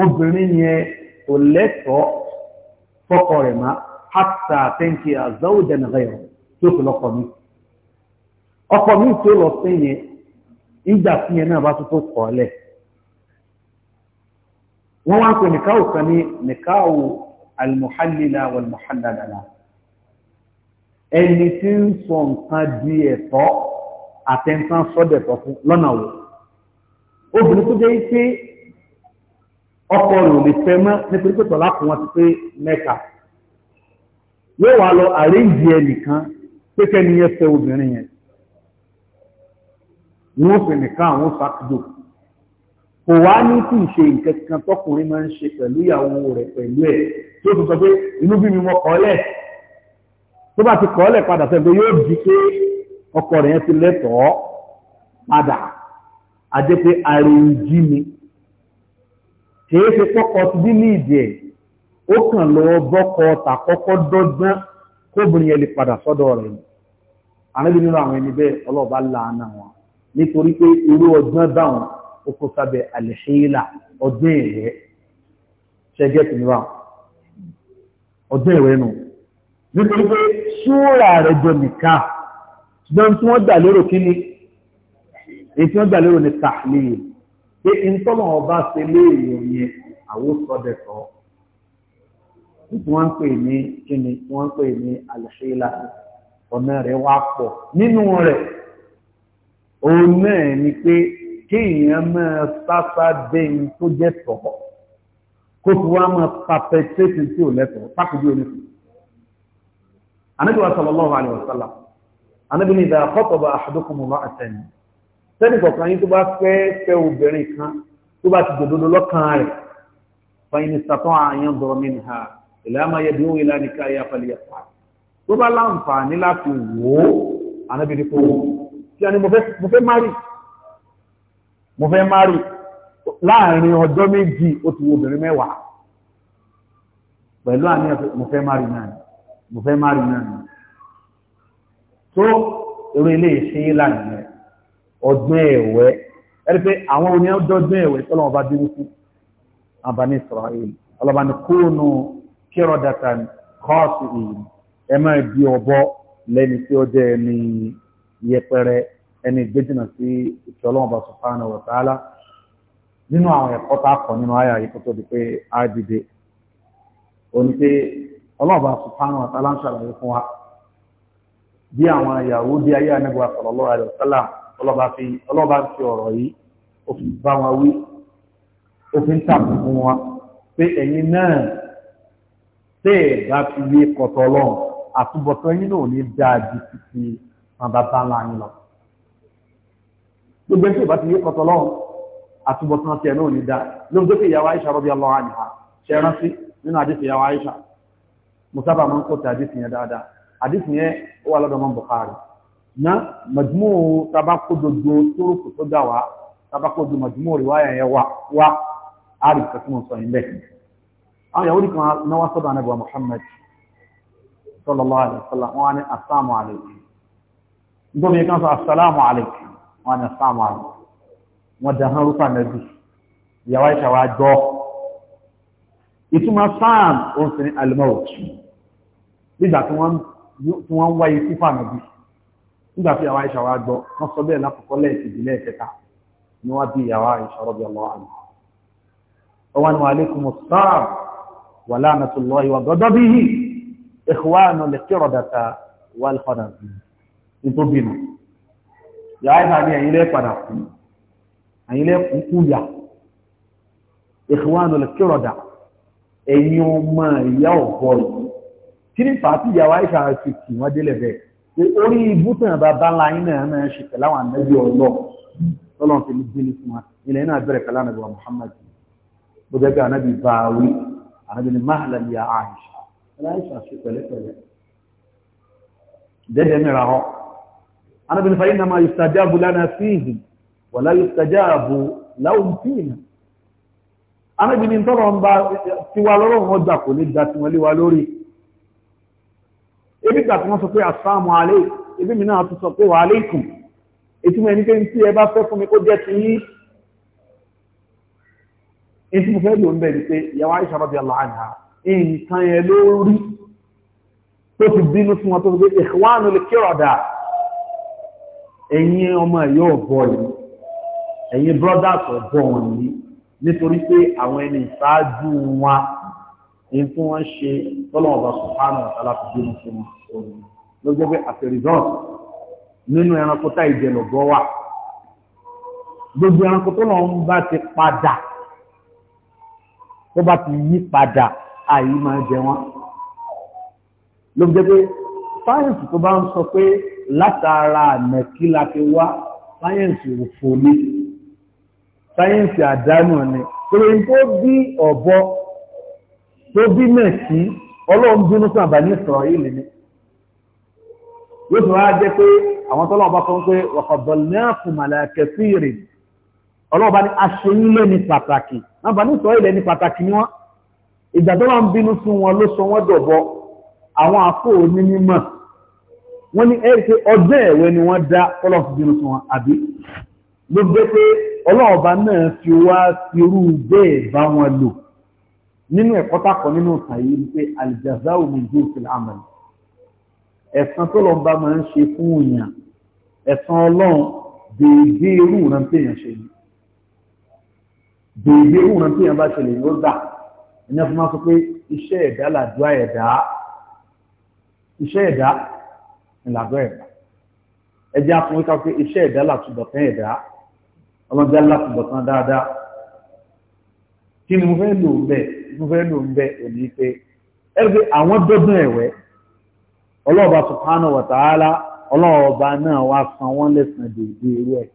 obìnrin yẹn kò lẹ́tọ̀ọ́ fọ́kọ rẹ̀ má hàtà tẹ́ǹkì àzọ́wọ́dẹ̀nà rẹ̀ tó fi lọ́kọ mi ọkọ mi tó lọ sí yẹn ìgbà tí yẹn náà bá tó tó kọ́ lẹ̀ wọ́n wá ń pè nìkáwò kan ní nìkáwò almuhallila walmuhallalala ẹni tí ń sọ nǹkan di ẹ̀tọ́ àtẹ̀ntàn sọ́dẹ̀tọ̀ fún lọ́nà wo obìnrin tó jẹ́ pé ọkọ rẹ̀ ò lè fẹ́ mọ́ nítorí pé tọ̀lá fún wọn ti pé mẹ́ta yóò wá lọ àríyìn ẹnìkan pé kẹ́ni yẹn fẹ́ obìnrin yẹn wọ́n fi nìkan àwọn fàkìdò kò wá ní kí n ṣe nǹkan kan tọkùnrin máa ń ṣe pẹ̀lú ìyàwó rẹ̀ pẹ̀lú ẹ̀ tí ó fi sọ pé inú bí mi mọ kọ́lẹ̀ tó bá ti kọ́lẹ̀ padà sẹ́gbẹ́ yóò di pé ọkọ rẹ̀ yẹn ti lẹ́tọ̀ọ́ padà ajẹ́ pé àrèjì ni kìí ṣe pọ́kọ ti bí ní ìdí ẹ̀ ó kàn lọ bọ́kọ tàkọ́kọ́ dọ́gbọ́n kóbìnrin lè padà sọ́dọ̀ rẹ̀ ni àrẹ́bí nínú àwọn ẹni bẹ́ẹ̀ ọlọ́ọ̀bá láàánà wọn nítorí pé irú ọgbọ́n báwọn ó kó sábẹ́ ọdún ẹ̀rẹ́ ṣẹ́gẹ́ tì níwá ọdún ẹ̀rẹ́ ṣúra rẹ̀ ṣùgbọ́n tí wọ́n gbà lérò kí ni èyí tí wọ́n gbà lérò ní tàhlil pé ìtọ́lọ̀ ọba ṣe léèrè yẹn àwòsọdẹ̀tọ̀ tí wọ́n ń pè ní kí ni wọ́n ń pè ní àlùṣẹ́lá ọ̀nà rẹ̀ wá pọ̀ nínú rẹ̀ òun náà ni pé kéèyàn máa sáfá dé ní tó jẹ́ tọ̀ kó fi wá máa papẹ̀ tẹ́tì tí ò lẹ́tọ̀ọ́ pápẹ́ bí oníṣẹ́. àníkùwà sallallahu alaihi wasallam anábìnrin ìdá àkọ́tọ̀bà àṣọdókùnmọ̀ máa tẹ̀lé tẹ́nìkọ̀ọ̀kan yín tó bá fẹ́ fẹ́ obìnrin kan tó bá ti dòdòdó lọ́kàn rẹ̀ fàyín sàtọ́ àyàn dọ̀rọ̀ mi nìha ìlànà yẹbi òun ìlànà ìka ẹ̀yà pẹ̀lú ẹ̀fà tó bá láǹfààní láti wò ó anábìnrin kò wò kí ni mo fẹ́ márì mo fẹ́ márì láàrin ọjọ́ méjì ó ti wo obìnrin mẹ́wàá pẹ̀lú àníyàn mo fẹ́ márì náà mo fẹ́ márì náà tó irú ilé ìṣe ìlànà ọdún ẹ̀wẹ́ ẹ̀rí pé àwọn oní ọdún ẹ̀wẹ́ tọ́lọ́ ọba bínú sí abani Israel ọlọ́ba ní kóònù kírọ̀dàtà kọ́ọ̀sì ìlú ẹ máa di ọ̀bọ lẹ́ni tí ó jẹ́ ẹni yẹpẹrẹ ẹni gbẹ́jìnà sí ìṣọ́lọ́wọ́n ọba subhanahu wa ta'ala nínú àwọn ẹ̀kọ́ tá a kọ̀ nínú àyà yìí kó tó di pé á dìde òní pé ọlọ́ọ̀ba subhanahu wa ta'ala ń ṣàlàyé fún wa bí àwọn Yahudi ayé anẹ́gbà sallallahu alaihi wasallam ọlọ́bá fi ọ̀rọ̀ yìí ó fi bá wọn wí ó fi ń tàbí fún wọn pé ẹ̀yin náà tẹ́ ẹ̀ bá fi yé kọ̀tọ̀ ọlọ́run àtúbọ̀tán yín náà ní dáa ju títí wọn bá bá ńlá yín lọ. gbogbo ẹni tó bá ti yé kọ̀tọ̀ ọlọ́run àtúbọ̀tán tiẹ̀ náà ní dáa ló ń gbé pé ìyàwó Aisha radiyallahu anha ṣe rántí nínú àdéhùn ìyàwó Aisha mo sábà máa ń kó hadith yẹn ó wà lọ́dọ̀ mọ́ Bukhari na majmu tabako dodo turuku tó gbà wá tabako dodo majmu riwaya yẹn wá wá àrí kàtúmọ̀ sọ yìí bẹ́ẹ̀ àwọn yahudi kan náwó sọ́dọ̀ anábọ̀ Muhammad sallallahu alaihi wasallam wọn ni assalamu alaikum gbọ́dọ̀ yẹn kan so assalamu alaikum Wa ni assalamu alaikum wọn dà hàn rúpa nàbí ìyàwó ìṣàwá gbọ́ ìtumọ̀ sáàm ó sì ní alimọ́ọ̀tì nígbà tí wọ́n tí wọ́n ń wáyé sí fànàbí nígbà tí àwọn àìṣà wa gbọ́ wọ́n sọ bẹ́ẹ̀ lákòókò lẹ́ẹ̀kejì lẹ́ẹ̀kẹta ni wọ́n bí ìyàwó àìṣà rọ́bì ọmọ àná ọwọ́n wa alaikum assalam wa la'natullahi wa ghadabihi ikhwanu al-qiradata wal ni ẹ̀yin lẹ́ẹ̀ padà kú ẹ̀yin lẹ́ẹ̀ kú kí ní fàá tí ìyàwó àìsàn àti kì wọ́n délẹ̀ bẹ́ẹ̀ pé orí ibùtàn bàbá láyín náà máa ń ṣe pẹ̀lú àwọn ànábì ọlọ́ ọlọ́run fi gbé ní fún wa ilẹ̀ náà bẹ̀rẹ̀ pẹ̀lú ànábì wa Muhammad bó jẹ́ pé ànábì bá a wí ànábì ni máa lẹ́nu ya àìsà aláìsà ṣe pẹ̀lẹ́pẹ̀lẹ́ dẹ́dẹ́ mìíràn họ ànábì ni fàyín náà máa yustajabu lánàá sí ìhìn wala yustajabu láwùn fíìnà ebi gbà tí wọ́n sọ pé àsáàmù alẹ́ ebi mi náà tún sọ pé wà aléìkùn ìtumọ̀ ẹni pé tí ẹ bá fẹ́ fún mi kó jẹ́ ti yí èyí tí mo fẹ́ lò ń bẹ̀ ni pé ìyàwó Àìṣà radiyallahu anha nǹkan ẹ ló tó fi bínú fún wọn tó fi ìwánu lè kírọ̀dà ẹ̀yin ọmọ ẹ̀yọ́ ọ̀bọ yìí ẹ̀yin brothers ọ̀bọ wọn yìí nítorí pé àwọn ẹni ìṣáájú wọn in tí wọ́n ṣe tọ́lọ̀ ọba sùpánù aláfíjẹ́ ní ṣe wọn ló jẹ́ pé àfẹ́rìzọ́n nínú ẹranko tá ìjẹlọ̀gọ́ wà gbogbo ẹranko tó lọ́n bá ti padà tó bá ti yí padà àyí máa jẹ wọn ló jẹ́ pé sáyẹ̀nsì tó bá ń sọ pé látara àmẹ́kí la fi wá sáyẹ̀nsì òfò ni sáyẹ̀nsì àdánù ni pé tó bí ọ̀bọ tó bí náà sí ọlọ́run bínú fún àbá ní ìsọ̀rọ̀ yìí lè ní yóò tún wá jẹ́ pé àwọn tọ́lọ́wọ́ bá sọ pé wàkọ̀dọ̀ lẹ́àkùn màlàkẹ́ sí ìrìn ọlọ́wọ́ bá ní aṣoyún lé ní pàtàkì àbá ní ìsọ̀rọ̀ ilẹ̀ ní pàtàkì ni wọ́n ìgbà tó wọ́n bínú fún wọn ló sọ wọ́n dọ̀bọ àwọn àpò òní mímọ̀ wọ́n ní ẹ̀rí ọjọ́ ẹ̀wẹ́ ni wọ́n dá ọlọ́wọ́ nínú ẹ̀kọ́ tàkọ́ nínú ìtàn yìí ni pé aljazau min jinsil amal ẹ̀san tó lọ bá máa ń ṣe fún òyìn ẹ̀san ọlọ́run dèédé irú ìran tí èèyàn ṣe ni dèédé irú ìran tí èèyàn bá ṣe lè yóò dà ẹ̀yàn fún máa sọ pé iṣẹ́ ẹ̀dá làdúrà ẹ̀dá iṣẹ́ ẹ̀dá làdúrà ẹ̀dá ẹ̀jẹ̀ àfọwọ́ká pé iṣẹ́ ẹ̀dá làtúbọ̀tán ẹ̀dá ọlọ́jà làtúbọ̀tán dáadáa kí ni mo fẹ́ lò ń bẹ̀ mo fẹ́ lò ń bẹ̀ òní pé ẹgbẹ́ àwọn dọ́dún ẹ̀wẹ́ ọlọ́ọ̀bá subhanahu wa ta'ala ọlọ́ọ̀bá náà wá san wọ́n lẹ́sàn dèédé irú ẹ̀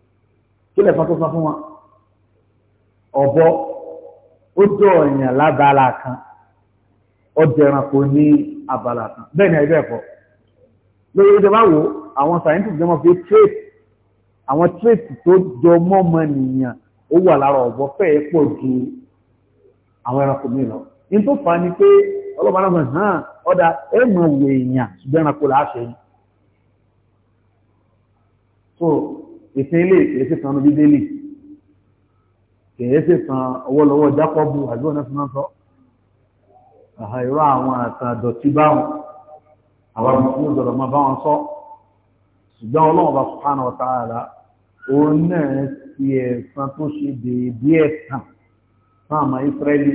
kí lẹ̀ fọ́n tó san fún wọn ọ̀bọ ó dọ̀ èèyàn lábala kan ó dẹranko ní abala kan bẹ́ẹ̀ ni ẹgbẹ́ ẹ̀fọ́ lórí ìjọba wo àwọn scientists jọmọ pé trace àwọn trace tó jọ mọ́mọ nìyàn ó wà lára ọ̀bọ fẹ́ẹ̀ pọ̀ ju àwọn ẹranko mi lọ in tó fà ní pé ọlọ́pàá náà hàn ọ́dá ẹ̀mọ̀ òwe èèyàn ṣùgbọ́n ẹranko láṣẹ yìí so ìsìn ilé kèéṣe kan níbi délé kèéṣe kan ọwọ́lọ́wọ́ jákọ́bù àbí ọ̀nà fún sọ irú àwọn àtàn dọ̀tí báwọn àwọn ọmọ fún máa bá wọn sọ ṣùgbọ́n ọlọ́run bá subhanahu wa ta'ala òun náà ti ẹ̀sán tó ṣe déédéé ẹ̀sán fún àmọ́ Ísírẹ́lì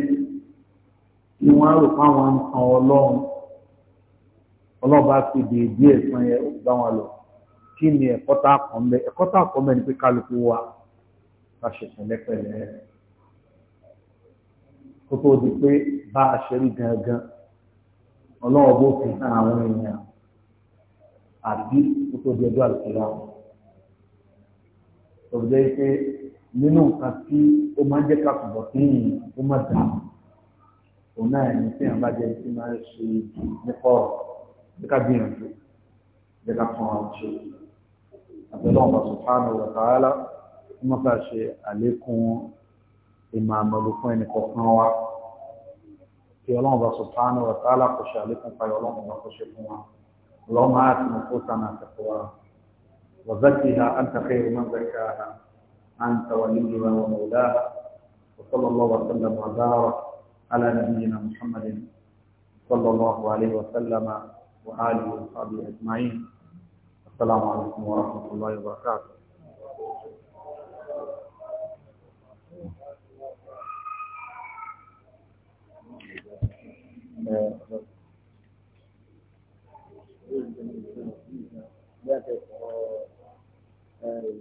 tí wọ́n rò fáwọn nǹkan ọlọ́run ọlọ́ba fi dèédé ẹ̀sán yẹn ó bá wọn lọ kí ni ẹ̀kọ́ tá a kọ́ mbẹ ẹ̀kọ́ tá a kọ́ mbẹ ni pé kálukú wa ká ṣe pẹ̀lẹ́pẹ̀lẹ́ kó tó di pé bá a ṣe rí gangan ọlọ́run bó fi hàn àwọn èèyàn àbí kó tó di ẹjọ́ àlùkò láwọn. òbí jẹ́ pé nínú nǹkan tí ó máa ń jẹ́ ká túbọ̀ kí yìnyín ó má dà òun náà ẹni tí àwọn bàjẹ́ tí máa ń ṣe nípa ọ̀rọ̀ bí ká gbìyànjú bí ká fún àwọn ṣe àbẹ̀lẹ̀ ọ̀bà subhanahu wa ta'ala tí wọ́n fà ṣe àlékún ìmọ̀ àmọ̀lù fún ẹnì kọ̀ọ̀kan wa kí ọlọ́run ọba subhanahu wa ta'ala kò ṣe àlékún payọ̀ ọlọ́run ọba kò ṣe fún wa ọlọ́run á ti mọ̀ fún sànà àtẹ̀kọ́ wa wọ́n أنت وليها ومولاها وصلى الله وسلم وبارك على نبينا محمد صلى الله عليه وسلم وآله وصحبه أجمعين السلام عليكم ورحمة الله وبركاته Gracias.